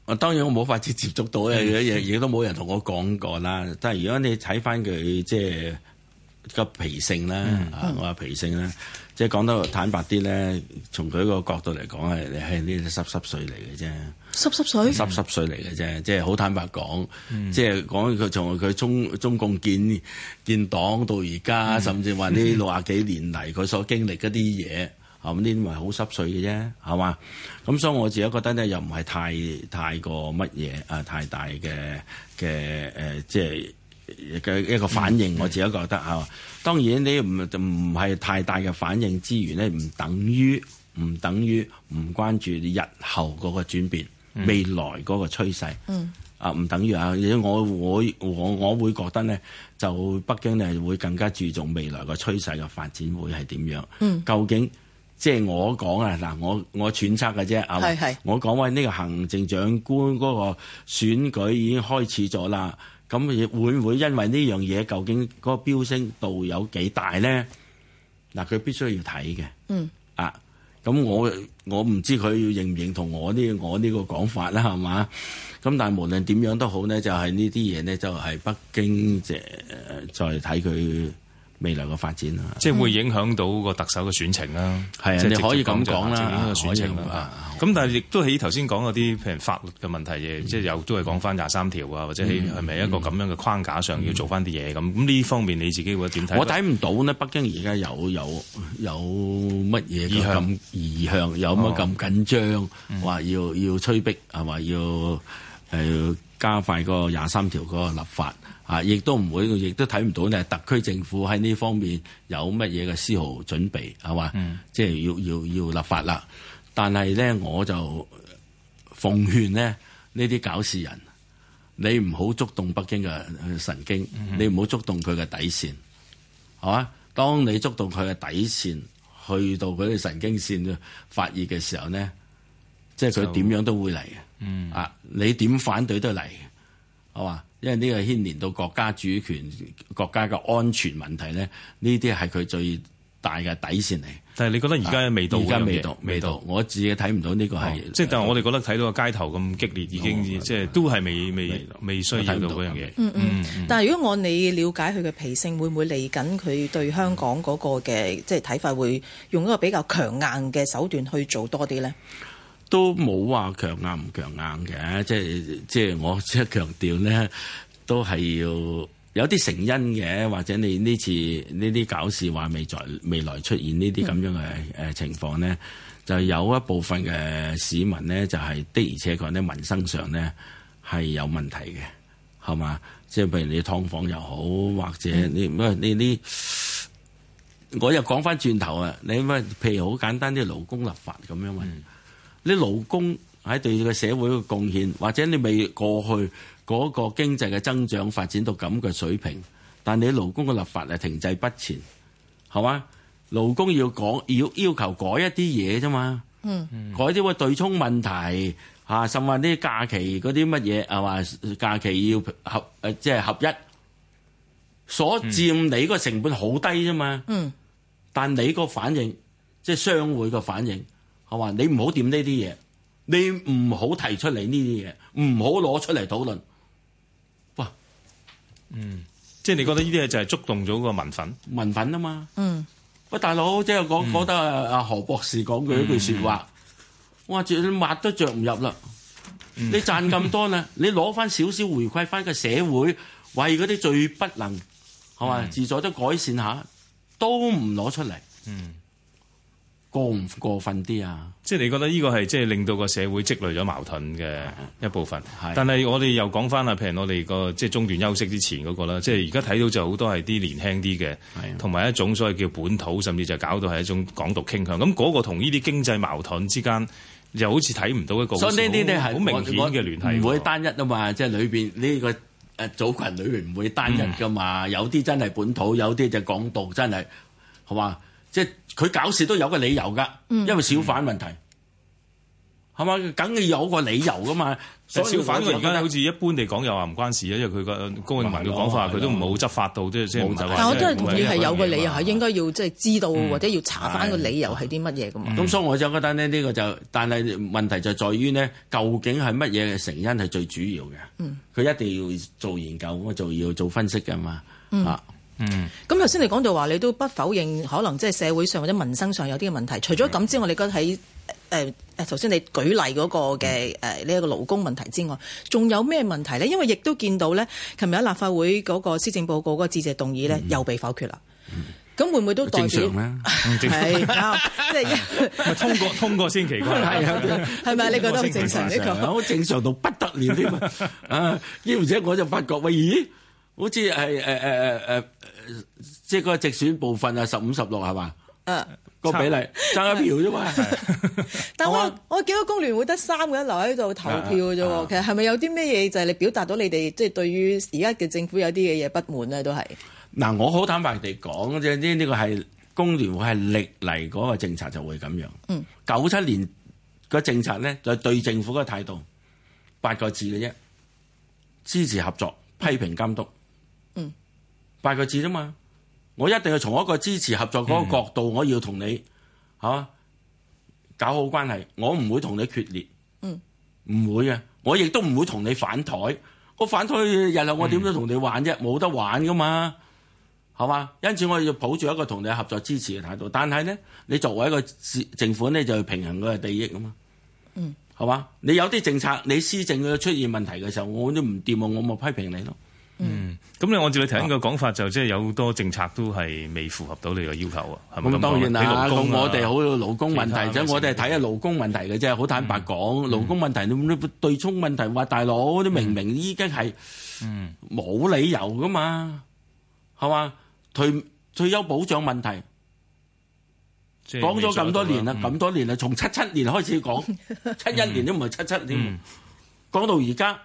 我當然我冇法子接觸到咧，亦亦、嗯、都冇人同我講過啦。但係如果你睇翻佢即係個脾性啦，嗯、啊我話脾性啦，即係講得坦白啲咧，從佢個角度嚟講係係呢啲濕濕碎嚟嘅啫。濕濕水，濕濕碎嚟嘅啫，即係好坦白講，即係講佢從佢中中共建建黨到而家，嗯、甚至話呢六十幾年嚟佢所經歷一啲嘢。咁呢啲咪好濕碎嘅啫，係嘛？咁所以我自己覺得咧，又唔係太太過乜嘢啊，太大嘅嘅誒，即係嘅一個反應。我自己覺得嚇，嗯、當然你唔唔係太大嘅反應之餘咧，唔等於唔等於唔關注日後嗰個轉變，未來嗰個趨勢，嗯、啊唔等於啊，而且我我我我，我會覺得咧，就北京咧會更加注重未來個趨勢嘅發展會係點樣？究竟、嗯？究竟即係我講啊，嗱，我我揣測嘅啫，係咪？我講話呢個行政長官嗰個選舉已經開始咗啦，咁會唔會因為呢樣嘢，究竟嗰個飆升度有幾大咧？嗱，佢必須要睇嘅，嗯，啊，咁我我唔知佢認唔認同我呢、呢個、我呢個講法啦，係嘛？咁但係無論點樣都好咧，就係呢啲嘢咧，就係北京即係再睇佢。未來嘅發展啊，即係會影響到個特首嘅選情啦。係啊、嗯，你可以咁講啦，選情啦。咁但係亦都喺頭先講嗰啲，譬如法律嘅問題嘅，嗯、即係又都係講翻廿三條啊，或者係咪一個咁樣嘅框架上、嗯、要做翻啲嘢咁？咁呢、嗯、方面你自己會點睇？我睇唔到呢北京而家有有有乜嘢咁意向，有乜咁緊張，話、哦嗯、要要催逼係話要係加快個廿三條嗰個立法。啊！亦都唔會，亦都睇唔到咧。特區政府喺呢方面有乜嘢嘅絲毫準備，係嘛？嗯、即係要要要立法啦。但係咧，我就奉勸咧，呢啲搞事人，你唔好觸動北京嘅神經，你唔好觸動佢嘅底線，係嘛？當你觸動佢嘅底線，去到佢啲神經線發熱嘅時候咧，即係佢點樣都會嚟嘅、嗯、啊，你點反對都嚟，係嘛？因為呢個牽連到國家主權、國家嘅安全問題咧，呢啲係佢最大嘅底線嚟。但係你覺得而家未到？而家未到，未到。我自己睇唔到呢個係，即係但係我哋覺得睇到個街頭咁激烈，已經即係都係未未未需要到嗰樣嘢。嗯嗯，但係如果按你瞭解佢嘅脾性，會唔會嚟緊佢對香港嗰個嘅即係睇法，會用一個比較強硬嘅手段去做多啲咧？都冇話強硬唔強硬嘅，即係即係我即係強調咧，都係要有啲成因嘅，或者你呢次呢啲搞事話未在未來出現呢啲咁樣嘅誒情況咧，嗯、就有一部分嘅市民咧就係、是、的，而且確咧民生上咧係有問題嘅，係嘛？即係譬如你劏房又好，或者你乜、嗯、你啲，我又講翻轉頭啊，你乜譬如好簡單啲勞工立法咁樣嘛。嗯你勞工喺對個社會嘅貢獻，或者你未過去嗰個經濟嘅增長發展到咁嘅水平，但你勞工嘅立法係停滯不前，係嘛？勞工要講要要求改一啲嘢啫嘛，嗯、改啲喎對沖問題嚇、啊，甚至乎啲假期嗰啲乜嘢，係嘛？假期要合誒即係合一，所佔你嗰個成本好低啫嘛，嗯、但你個反應即係商會嘅反應。就是係嘛？你唔好掂呢啲嘢，你唔好提出嚟呢啲嘢，唔好攞出嚟討論。哇！嗯，即係你覺得呢啲嘢就係觸動咗個民憤？民憤啊嘛。嗯。喂，大佬，即係我、嗯、覺得阿阿何博士講佢一句說話，我話著抹都着唔入啦。你賺咁多啦，你攞翻少少回饋翻個社會，為嗰啲最不能係嘛，嗯、自助都改善下，都唔攞出嚟。嗯。嗯過唔過分啲啊？即係你覺得呢個係即係令到個社會積累咗矛盾嘅一部分。係的，但係我哋又講翻啊，譬如我哋、個即係中段休息之前嗰、個啦，即係而家睇到就好多係啲年輕啲嘅，同埋的一種所謂叫本土，甚至就搞到係一種港獨傾向。咁嗰個同呢啲經濟矛盾之間，又好似睇唔到一個。所以呢啲咧係好明顯嘅聯繫，唔會單一啊嘛。即係裏邊呢個誒組群裏邊唔會單一噶嘛。有啲真係本土，有啲就港獨，真係好嘛，即、就、係、是。就是佢搞事都有個理由㗎，因為小販問題，係嘛、嗯？梗係有個理由㗎嘛。 小販佢而家好似一般嚟講又話唔關事，因為佢個高永文嘅講法，佢都唔冇執法到，嗯、即係但係我都係同意係有個理由，係應該要即係知道、嗯、或者要查翻個理由係啲乜嘢㗎嘛。咁的、嗯、所以我就覺得咧，呢個就，但係問題就在於呢，究竟係乜嘢嘅成因係最主要嘅？佢、嗯、一定要做研究，我做要做分析㗎嘛？嗯。嗯，咁頭先你講到話，你都不否認可能即係社會上或者民生上有啲嘅問題。除咗咁之外，你覺得喺誒誒頭先你舉例嗰個嘅誒呢一個勞工問題之外，仲有咩問題呢？因為亦都見到呢，琴日立法會嗰個施政報告個致謝動議呢又被否決啦。咁會唔會都代表？即係通過通過先，奇觀係咪？你覺得好正常呢，好正常到不得了添啊！而且我就發覺喂，咦？好似係誒誒誒誒，即係嗰個直選部分16，啊，十五十六係嘛？嗯，個比例爭一票啫嘛。 是 但我我見到工聯會得三個人留喺度投票嘅啫。啊、其實係咪有啲咩嘢？就係你表達到你哋即係對於而家嘅政府有啲嘢嘢不滿啊？都係嗱，我好坦白地講啫，呢呢個係工聯會係歷嚟嗰個政策就會咁樣。九七、嗯、年個政策咧就是、對政府嘅態度八個字嘅啫，支持合作、批評監督。八個字啫嘛，我一定要從一個支持合作嗰個角度，嗯、我要同你吓、啊、搞好關係，我唔會同你決裂，唔、嗯、會嘅，我亦都唔會同你反台，我反台日後我點樣同你玩啫？冇、嗯、得玩噶嘛，係嘛？因此我要抱住一個同你合作支持嘅態度，但係咧，你作為一個政府咧，就要平衡佢嘅利益啊嘛，嗯，係嘛？你有啲政策，你施政嘅出現問題嘅時候，我都唔掂啊，我咪批評你咯。咁你按照你頭先嘅講法，就即係有多政策都係未符合到你嘅要求啊？係咪咁啊？當然啦，你勞工我哋好勞工問題啫，我哋係睇下勞工問題嘅啫。好坦白講，勞工問題你你對沖問題，話大佬，你明明已經係冇理由噶嘛，係嘛？退退休保障問題講咗咁多年啦，咁多年啦，從七七年開始講，七一年都唔係七七年，講到而家。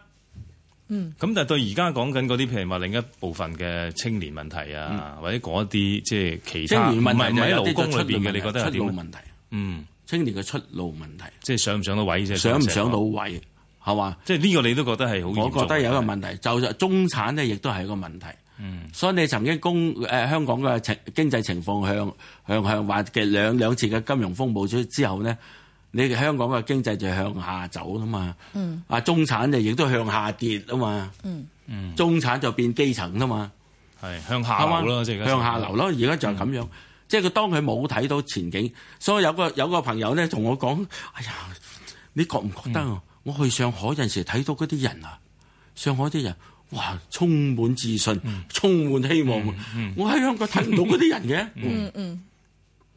嗯，嗯，咁但係對而家講緊嗰啲，譬如話另一部分嘅青年問題啊，嗯、或者嗰一啲即係其他唔係唔喺勞工裏邊嘅，出你覺得係點問題？嗯，青年嘅出路問題，問題嗯、即係上唔上到位啫？上唔上，上，上到位係嘛？吧即係呢個你都覺得係好？嗯、我覺得有一個問題，就中產呢亦都係一個問題。嗯、所以你曾經供誒、呃、香港嘅情經濟情況向向向話嘅兩兩,兩,兩次嘅金融風暴出之後呢。你哋香港嘅經濟就向下走啦嘛，啊中產就亦都向下跌啊嘛，中產就變基層啦嘛，係向下流咯，即係向下流咯。而家就係咁樣，即係佢當佢冇睇到前景，所以有個有個朋友咧同我講：哎呀，你覺唔覺得啊？我去上海陣時睇到嗰啲人啊，上海啲人哇充滿自信，充滿希望。我喺香港睇唔到嗰啲人嘅，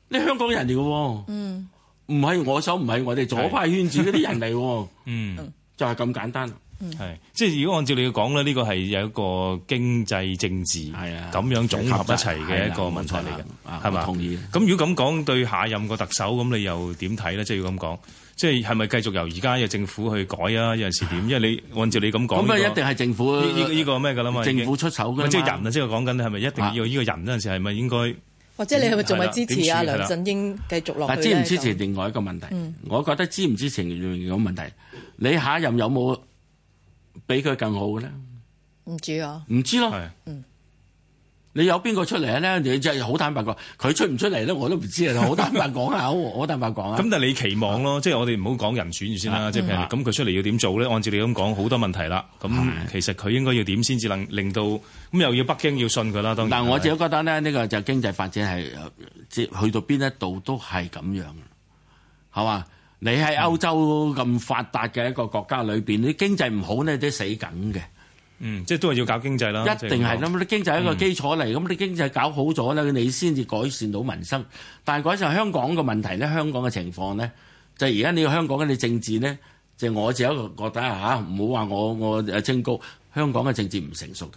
你香港人嚟嘅喎。唔係我手，唔係我哋左派圈子嗰啲人嚟是， 嗯，就係咁簡單，係，即係如果按照你嘅講咧，呢、這個係有一個經濟、政治，係啊，咁樣綜合一齊嘅一個問題嚟嘅，係嘛、啊？吧同意。咁如果咁講對下任個特首，咁你又點睇咧？即係要咁講，即係係咪繼續由而家嘅政府去改啊？有陣時點，因為你按照你咁講，咁咪一定係政府呢、這個咩噶啦嘛？這個、這個、政府出手。即係人啊，即係講緊你係咪一定要呢個人咧？陣時係咪應該？或者你係咪仲係支持阿梁振英繼續落？但支唔支持另外一個問題，我覺得支唔支持仍然有問題。你下一任有冇比佢更好嘅咧？唔知啊。唔知咯。嗯。嗯嗯嗯嗯你有邊個出嚟咧？你真係好坦白講，佢出唔出嚟咧，我都唔知啊！好坦白講啊，好，坦白講啊。咁 但係你期望咯，是 即係我哋唔好講人選住先啦。即係譬如咁，佢出嚟要點做咧？按照你咁講，好多問題啦。咁是其實佢應該要點先至能令到咁又要北京要信佢啦。當然，但係、嗯、我自己覺得呢，呢是個就經濟發展係即去到邊一度都係咁樣，係嘛？你喺歐洲咁發達嘅一個國家裏邊，你、嗯、經濟唔好咧，都死緊嘅。嗯，即係都係要搞經濟啦，一定係咁。啲經濟係一個基礎嚟，咁你、嗯、經濟搞好咗咧，你先至改善到民生。但係嗰陣香港嘅問題咧，香港嘅情況咧，就而家你香港嘅政治咧，就係、我自己一覺得吓，唔好話我我誒清高。香港嘅政治唔成熟嘅，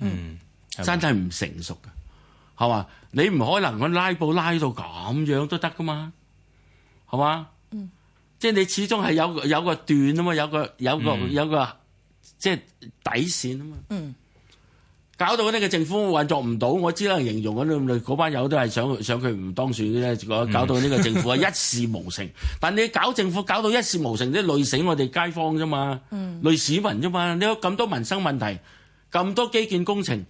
嗯，真係唔成熟嘅，係嘛？你唔可能我拉布拉到咁樣都得噶嘛？係嘛？嗯、即係你始終係有有個段啊嘛，有個有個有個。有個嗯即係底線啊嘛，嗯，搞，搞到呢個政府運作唔到，我只能形容嗰班友都係想想佢唔當選啫，搞到呢個政府啊一事無成。嗯、 但你搞政府搞到一事無成，即係累死我哋街坊啫嘛，嗯、累市民啫嘛。你有咁多民生問題，咁多基建工程，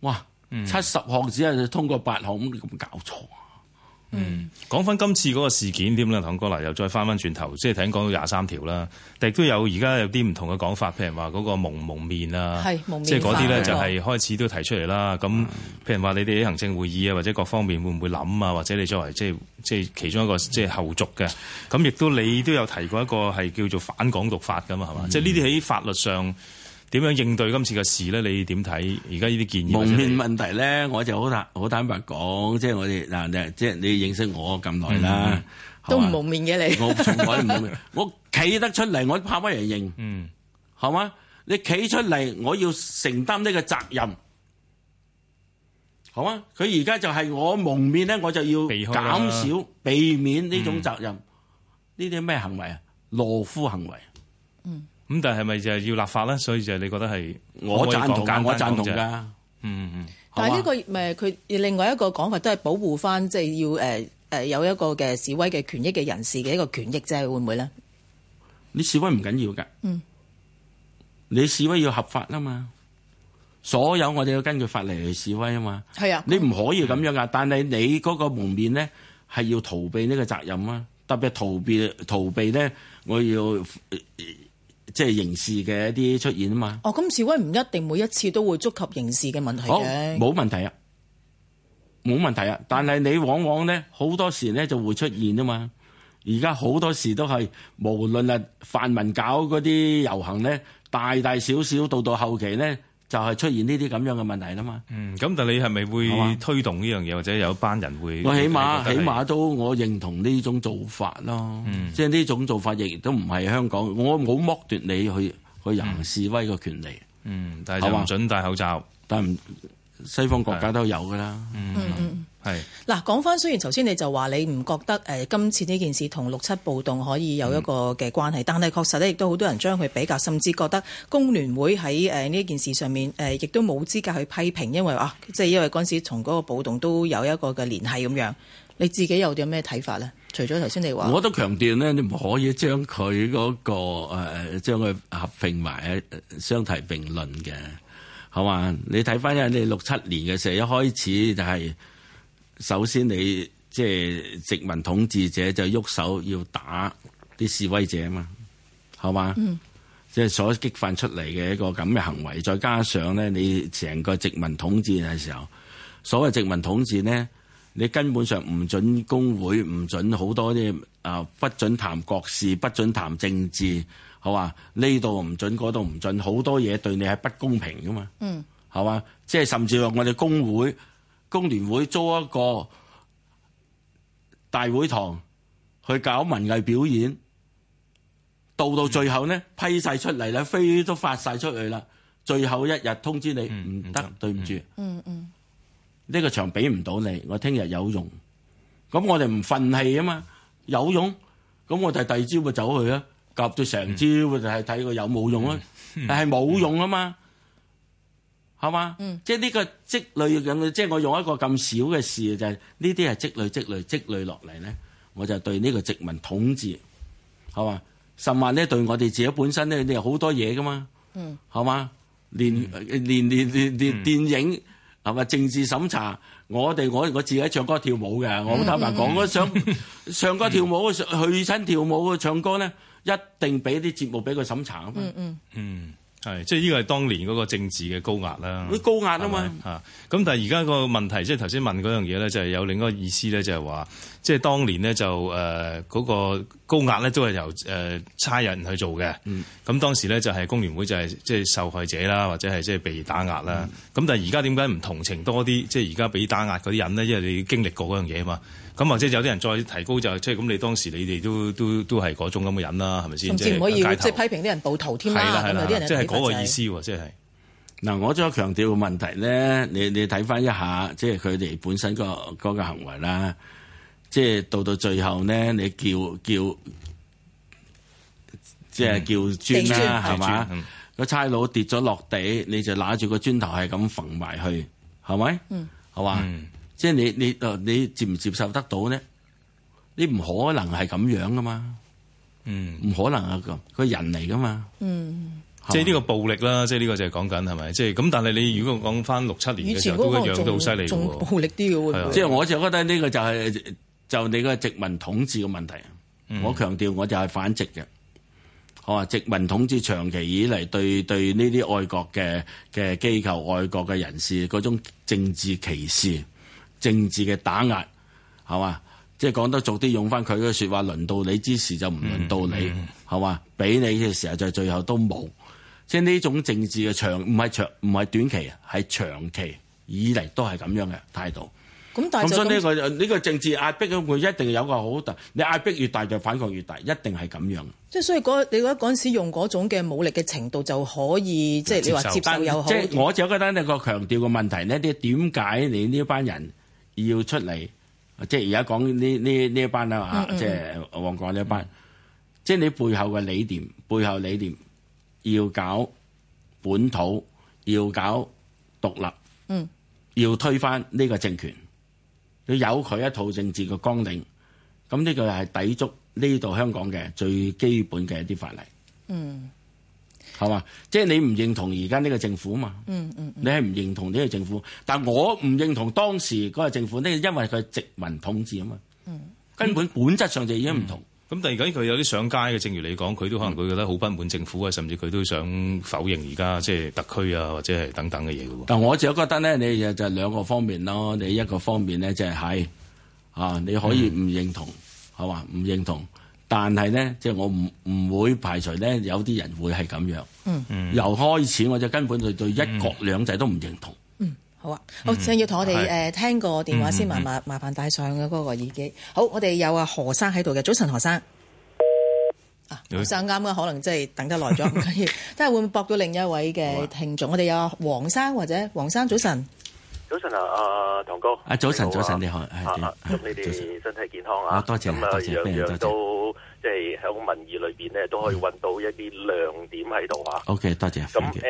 哇，嗯、七十項只係通過八項，咁搞錯。嗯，講翻今次嗰個事件點咧，唐哥嚟又再翻翻轉頭，即係聽講到廿三條啦，亦都有而家有啲唔同嘅講法，譬如話嗰個蒙蒙面啊，面即係嗰啲咧就係開始都提出嚟啦。咁的譬如話你哋喺行政會議啊，或者各方面會唔會諗啊，或者你作為即係即係其中一個即係後續嘅，咁亦都你都有提過一個係叫做反港獨法㗎嘛，係嘛？嗯、即係呢啲喺法律上。點樣應對今次嘅事咧？你點睇？而家呢啲建議蒙面問題咧，我就好坦好坦白講，嗯、即係我哋嗱，即係你認識我咁耐啦，嗯、說都唔蒙面嘅你， 我從來唔蒙面，我企得出嚟，我怕乜人認，嗯，係嘛？你企出嚟，我要承擔呢個責任，好嘛？佢而家就係我蒙面咧，我就要減少避，避免呢種責任，呢啲咩行為啊？懦夫行為，嗯。咁但係咪就係要立法咧？所以就係你覺得係我贊同，單單單我贊同噶、嗯。嗯嗯，但係、這、呢個誒，佢、呃、另外一個講法都係保護翻，即係要誒誒、呃呃、有一個嘅示威嘅權益嘅人士嘅一個權益啫，會唔會咧？你示威唔緊要噶，嗯、你示威要合法啊嘛，所有我哋要根據法例嚟示威啊嘛。係啊，你唔可以咁樣噶，但係你嗰個蒙面咧係要逃避呢個責任啊，特別係逃避逃避咧，我要。呃即係刑事嘅一啲出現啊嘛，哦，咁示威唔一定每一次都會觸及刑事嘅問題嘅，哦，冇問題啊，冇問題啊，但係你往往呢，好多時呢就會出現啊嘛，而家好多時都係無論係泛民搞嗰啲遊行呢，大大小小到到後期呢。就係出現呢啲咁樣嘅問題啦嘛。嗯，咁但係你係咪會推動呢樣嘢，吧或者有一班人會？我起碼起碼都我認同呢種做法咯。嗯、即係呢種做法亦都唔係香港，我冇剝奪你去、嗯、去行示威嘅權利。嗯，但係我唔准戴口罩，但係西方國家都有㗎啦。嗯嗯。嗯嗯。係嗱，講翻是雖然頭先你就話你唔覺得誒、呃、今次呢件事同六七暴動可以有一個嘅關係，嗯、但係確實咧，亦都好多人將佢比較甚至覺得工聯會喺誒呢件事上面誒、呃，亦都冇資格去批評，因為啊，即係因為嗰陣時同嗰個暴動都有一個嘅聯繫咁樣。你自己有啲咩睇法呢？除咗頭先你話，我都強調呢，你唔可以將佢嗰、那個誒、啊、將佢合併埋相提並論嘅，係嘛？你睇翻喺你六七年嘅時候一開始就係、是。首先你即係、就是、殖民統治者就喐手要打啲示威者啊嘛，係嘛？即係、嗯、所激發出嚟嘅一個咁嘅行為，再加上咧你成個殖民統治嘅時候，所謂殖民統治咧，你根本上唔準工會，唔準好多啲啊，不准談國事，不准談政治，係嘛？呢度唔準，嗰度唔準，好多嘢對你係不公平噶嘛？係嘛？嗯、即係甚至話我哋工會。工聯會租一個大會堂去搞文藝表演，到到最後咧批晒出嚟啦，飛都發晒出去啦。最後一日通知你唔得，對唔住。嗯嗯，呢個場俾唔到你，我聽日有用。咁我哋唔憤氣啊嘛，有用，咁我哋第二朝就走去啦。夾咗成朝就係睇個有冇用啦，但係冇用啊嘛。係嘛？即係呢個積累咁，即係我用一個咁少嘅事就係呢啲係積累積累積累落嚟咧，我就對呢個殖民統治，係嘛？甚至咧對我哋自己本身咧，你有好多嘢噶嘛？係嘛？連連連連連電影係咪？政治審查，我哋我我自己唱歌跳舞嘅，我好坦白講，我想唱歌跳舞去親跳舞唱歌咧，一定俾啲節目俾佢審查啊嘛？嗯嗯。係，即係呢個係當年嗰個政治嘅高壓啦。高壓啊嘛，嚇咁！但係而家個問題，即係頭先問嗰樣嘢咧，就係、是、有另一個意思咧，就係話，即係當年咧就誒嗰、呃那個高壓咧都係由誒差人去做嘅。咁、嗯、當時咧就係工聯會就係即係受害者啦，或者係即係被打壓啦。咁、嗯、但係而家點解唔同情多啲？即係而家俾打壓嗰啲人咧，因為你經歷過嗰樣嘢啊嘛。咁或者有啲人再提高就即係咁，你當時你哋都都都係嗰種咁嘅人啦，係咪先？唔可以即係批評啲人暴徒添啦，係即係嗰個意思喎？即係嗱，我再強調個問題咧，你你睇翻一下，即係佢哋本身個嗰、嗰個行為啦，即係到到最後呢，你叫叫即係、嗯、叫磚啦，係嘛？個差佬跌咗落地，你就揦住個磚頭係咁揈埋去，係咪？嗯，好啊。即係你，你誒，你接唔接受得到呢？你唔可能係咁樣噶嘛，嗯，唔可能啊。個佢人嚟噶嘛，嗯，吧即係呢個暴力啦，即係呢個就係講緊係咪？即係咁，嗯、但係你如果講翻六七年嘅時候，都一樣都好犀利，仲暴力啲嘅，啊、即係我就覺得呢個就係、是、就是、你個殖民統治嘅問題。嗯、我強調，我就係反殖嘅。好啊，殖民統治長期以嚟對對呢啲愛國嘅嘅機構、愛國嘅人士嗰種政治歧視。政治嘅打壓，係嘛？即係講得俗啲，用翻佢嘅説話，輪到你之時就唔輪到你，係嘛、嗯？俾、嗯、你嘅時候就最後都冇。即係呢種政治嘅長，唔係長，唔係短期，係長期以嚟都係咁樣嘅態度。咁但係，咁所以呢、呢個呢、呢個政治壓迫咧，佢一定有一個好大。你壓迫越大，就反抗越大，一定係咁樣。即係所以你覺得嗰時用嗰種嘅武力嘅程度就可以，即係你話接受有好。嗯、即係我就覺得你個強調嘅問題呢，啲點解你呢班人？要出嚟，即係而家講呢呢呢一班啦嚇，嗯嗯、即係旺角呢一班，嗯、即係你背後嘅理念，背後理念要搞本土，要搞獨立，嗯、要推翻呢個政權，要有佢一套政治嘅綱領，咁呢個係抵觸呢度香港嘅最基本嘅一啲法例。嗯係嘛？即係你唔認同而家呢個政府啊嘛？嗯，嗯嗯，你係唔認同呢個政府？但我唔認同當時嗰個政府咧，因為佢殖民統治啊嘛。嗯，根本本質上就已經唔同。咁、嗯嗯嗯、第二，嗰啲佢有啲上街嘅，正如你講，佢都可能佢覺得好不滿政府啊，嗯、甚至佢都想否認而家即係特區啊，或者係等等嘅嘢嘅。但我就覺得咧，你就就兩個方面咯。你一個方面咧、就是，就係喺啊，嗯、你可以唔認同，係嘛？唔認同。但係呢，即、就、係、是、我唔唔會排除呢，有啲人會係咁樣。嗯嗯，由開始我就根本就對一國兩制都唔認同。嗯，好啊，好，請、嗯、要同我哋誒聽個電話先，麻麻、嗯、麻煩帶上嘅嗰個耳機。好，我哋有阿何生喺度嘅，早晨何生。晨啊，何生啱啱，可能即係等得耐咗，唔緊要。 但係會唔會駁到另一位嘅聽眾？啊、我哋有黃生或者黃生，早晨。早晨啊，阿唐哥。啊，早晨，早晨，你好。好。祝你哋身體健康啊。多謝咁啊，樣樣都即係響民意裏邊咧，都可以揾到一啲亮點喺度啊。OK，多謝。咁誒，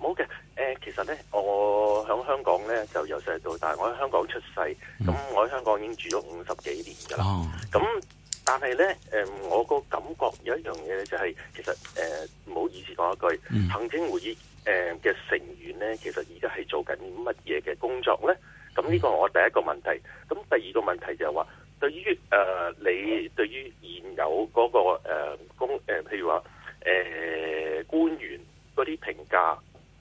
冇嘅。誒，其實咧，我響香港咧就由細到大，我喺香港出世，咁我喺香港已經住咗五十幾年噶啦。咁但係咧，誒，我個感覺有一樣嘢咧，就係其實誒，唔好意思講一句，行政回憶。誒嘅、呃、成員咧，其實而家係做緊乜嘢嘅工作咧？咁呢個我第一個問題，咁第二個問題就係話，對於誒、呃、你對於現有嗰、那個誒公誒，譬如話誒、呃、官員嗰啲評價，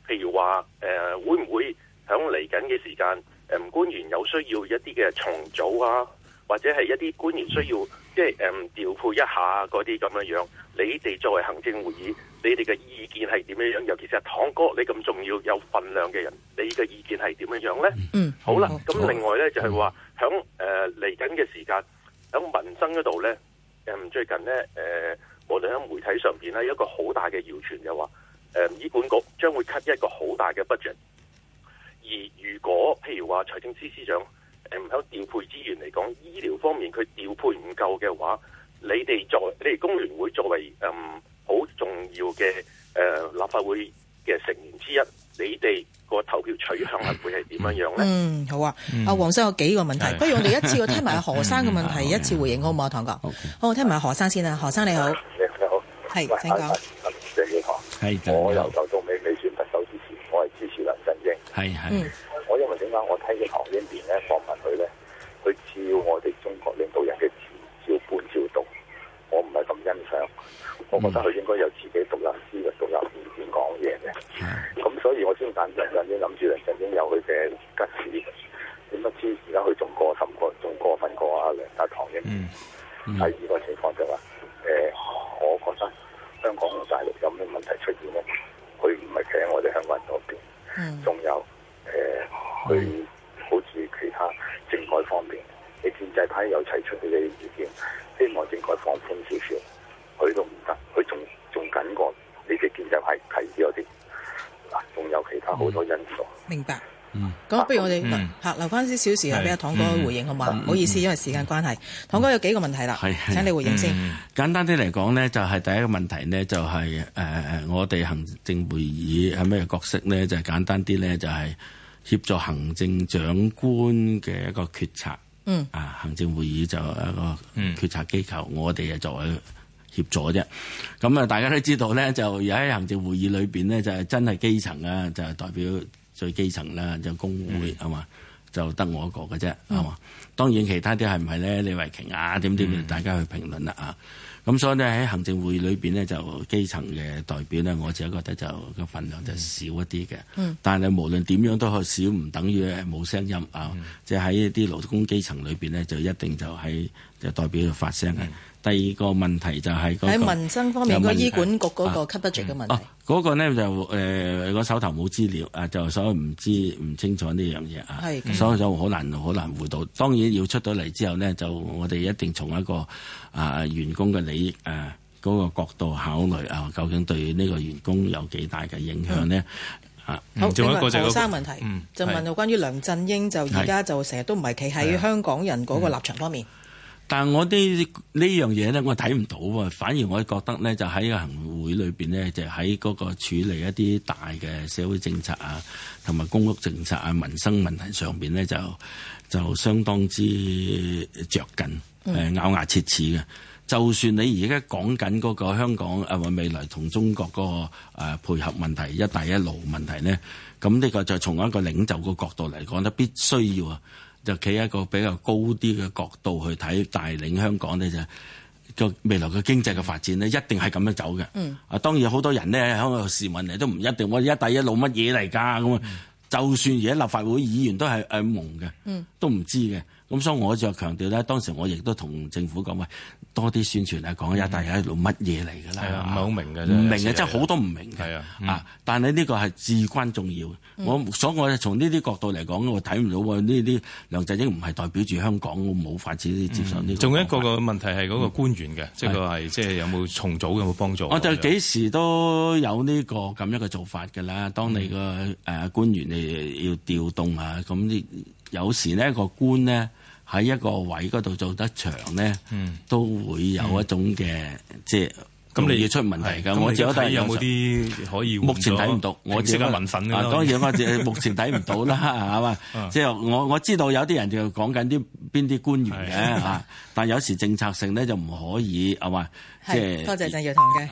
譬如話誒、呃、會唔會響嚟緊嘅時間，誒、呃、官員有需要一啲嘅重組啊？或者係一啲官員需要即係誒、嗯、調配一下嗰啲咁樣樣，你哋作為行政會議，你哋嘅意見係點樣樣？尤其是阿棠哥，你咁重要有份量嘅人，你嘅意見係點樣樣呢？嗯，好啦，咁、嗯、另外呢，就係話響誒嚟緊嘅時間響民生嗰度呢，誒最近呢，誒、呃，我哋喺媒體上邊呢一個好大嘅謠傳就話誒醫管局將會 cut 一個好大嘅 budget，而如果譬如話財政司司長。唔喺調配資源嚟講，醫療方面佢調配唔夠嘅話，你哋作，你哋工聯會作為誒好重要嘅誒立法會嘅成員之一，你哋個投票取向係會係點樣樣咧？嗯，好啊，阿黃生有幾個問題，不如我哋一次過聽埋阿何生嘅問題，一次回應好唔好啊，唐哥？好，我聽埋何生先啊。何生你好，你好，係，請講。係我由頭到尾未選特首之前，我係支持梁振英。係係，我因為點解我睇嘅唐英年咧，要我哋中國領導人嘅照本照讀，我唔係咁欣賞。我覺得佢應該有自己獨立思維、獨立意見講嘢嘅。咁所以，我先揀梁振英，諗住梁振英有佢嘅吉字。點不知而家佢仲過心過，仲過分過阿梁家堂。嘅。嗯，係。 不如我哋嚇留翻少少時間，俾阿唐哥回應好嘛？唔好意思，因為時間關係，嗯、唐哥有幾個問題啦，是請你回應先、嗯。簡單啲嚟講呢，就係、是、第一個問題呢、就是，就係誒我哋行政會議係咩角色呢？就是、簡單啲呢，就係協助行政長官嘅一個決策。啊、嗯，行政會議就一個決策機構，嗯、我哋係作為協助啫。咁、嗯、啊，嗯嗯嗯、大家都知道呢，就喺行政會議裏邊呢，就係、是、真係基層啊，就係、是、代表。最基層啦、mm.，就工會係嘛，就得我一個嘅啫係嘛。當然其他啲係唔係咧？李慧瓊啊點點，大家去評論啦啊。咁、mm. 所以呢，喺行政會裏邊呢，就基層嘅代表呢，我自己覺得就個份量就少一啲嘅。Mm. 但係無論點樣都好少，唔等於冇聲音、mm. 啊。即係喺一啲勞工基層裏邊呢，就一定就喺就代表發聲嘅。Mm. 第二個問題就係喺民生方面個醫管局嗰個 cap budget 嘅問題。嗰個咧就誒手頭冇資料啊，就所以唔知唔清楚呢樣嘢啊，所以就好難好難回答。當然要出到嚟之後呢，就我哋一定從一個啊員工嘅利益誒嗰個角度考慮啊，究竟對呢個員工有幾大嘅影響呢？啊，仲有個就係學生問題，就問到關於梁振英就而家就成日都唔係企喺香港人嗰個立場方面。但係我啲呢樣嘢咧，我睇唔到啊。反而我覺得咧，就喺行會裏邊咧，就喺嗰個處理一啲大嘅社會政策啊、同埋公屋政策啊、民生問題上邊咧，就就相當之着緊，誒、呃、咬牙切齒嘅。就算你而家講緊嗰個香港啊，或未來同中國嗰、那個誒、呃、配合問題、一帶一路問題咧，咁呢個就從一個領袖個角度嚟講，都必須要啊。就企一個比較高啲嘅角度去睇，帶領香港呢就個未來嘅經濟嘅發展咧，一定係咁樣走嘅。嗯，啊當然好多人咧喺香港市民嚟都唔一定。我而家一帶一路係乜嘢嚟㗎？咁啊、嗯，就算而家立法會議員都係係蒙嘅，嗯，都唔知嘅。咁所以我就強調咧，當時我亦都同政府講話。多啲宣傳啊，講一大家喺度乜嘢嚟噶啦，唔係好明嘅啫，唔明嘅即係好多唔明嘅。嗯、啊，但係呢個係至關重要。嗯、我所以我從呢啲角度嚟講，我睇唔到喎，呢啲梁振英唔係代表住香港，我冇法子接受呢啲呢。仲、嗯、有一個個問題係嗰個官員嘅，嗯、即係話係即係有冇重組有冇幫助我？啊、我就幾時都有呢個咁樣嘅做法㗎啦。當你個誒官員你要調動啊，咁有時呢個官呢。喺一個位嗰度做得長咧，都會有一種嘅，即係咁你要出問題咁，我只覺得有冇啲可以目前睇唔到，我而家混混嘅，當然我只目前睇唔到啦，係嘛？即係我我知道有啲人就講緊啲邊啲官員嘅嚇，但有時政策性咧就唔可以，係嘛？即係多謝鄭耀棠嘅。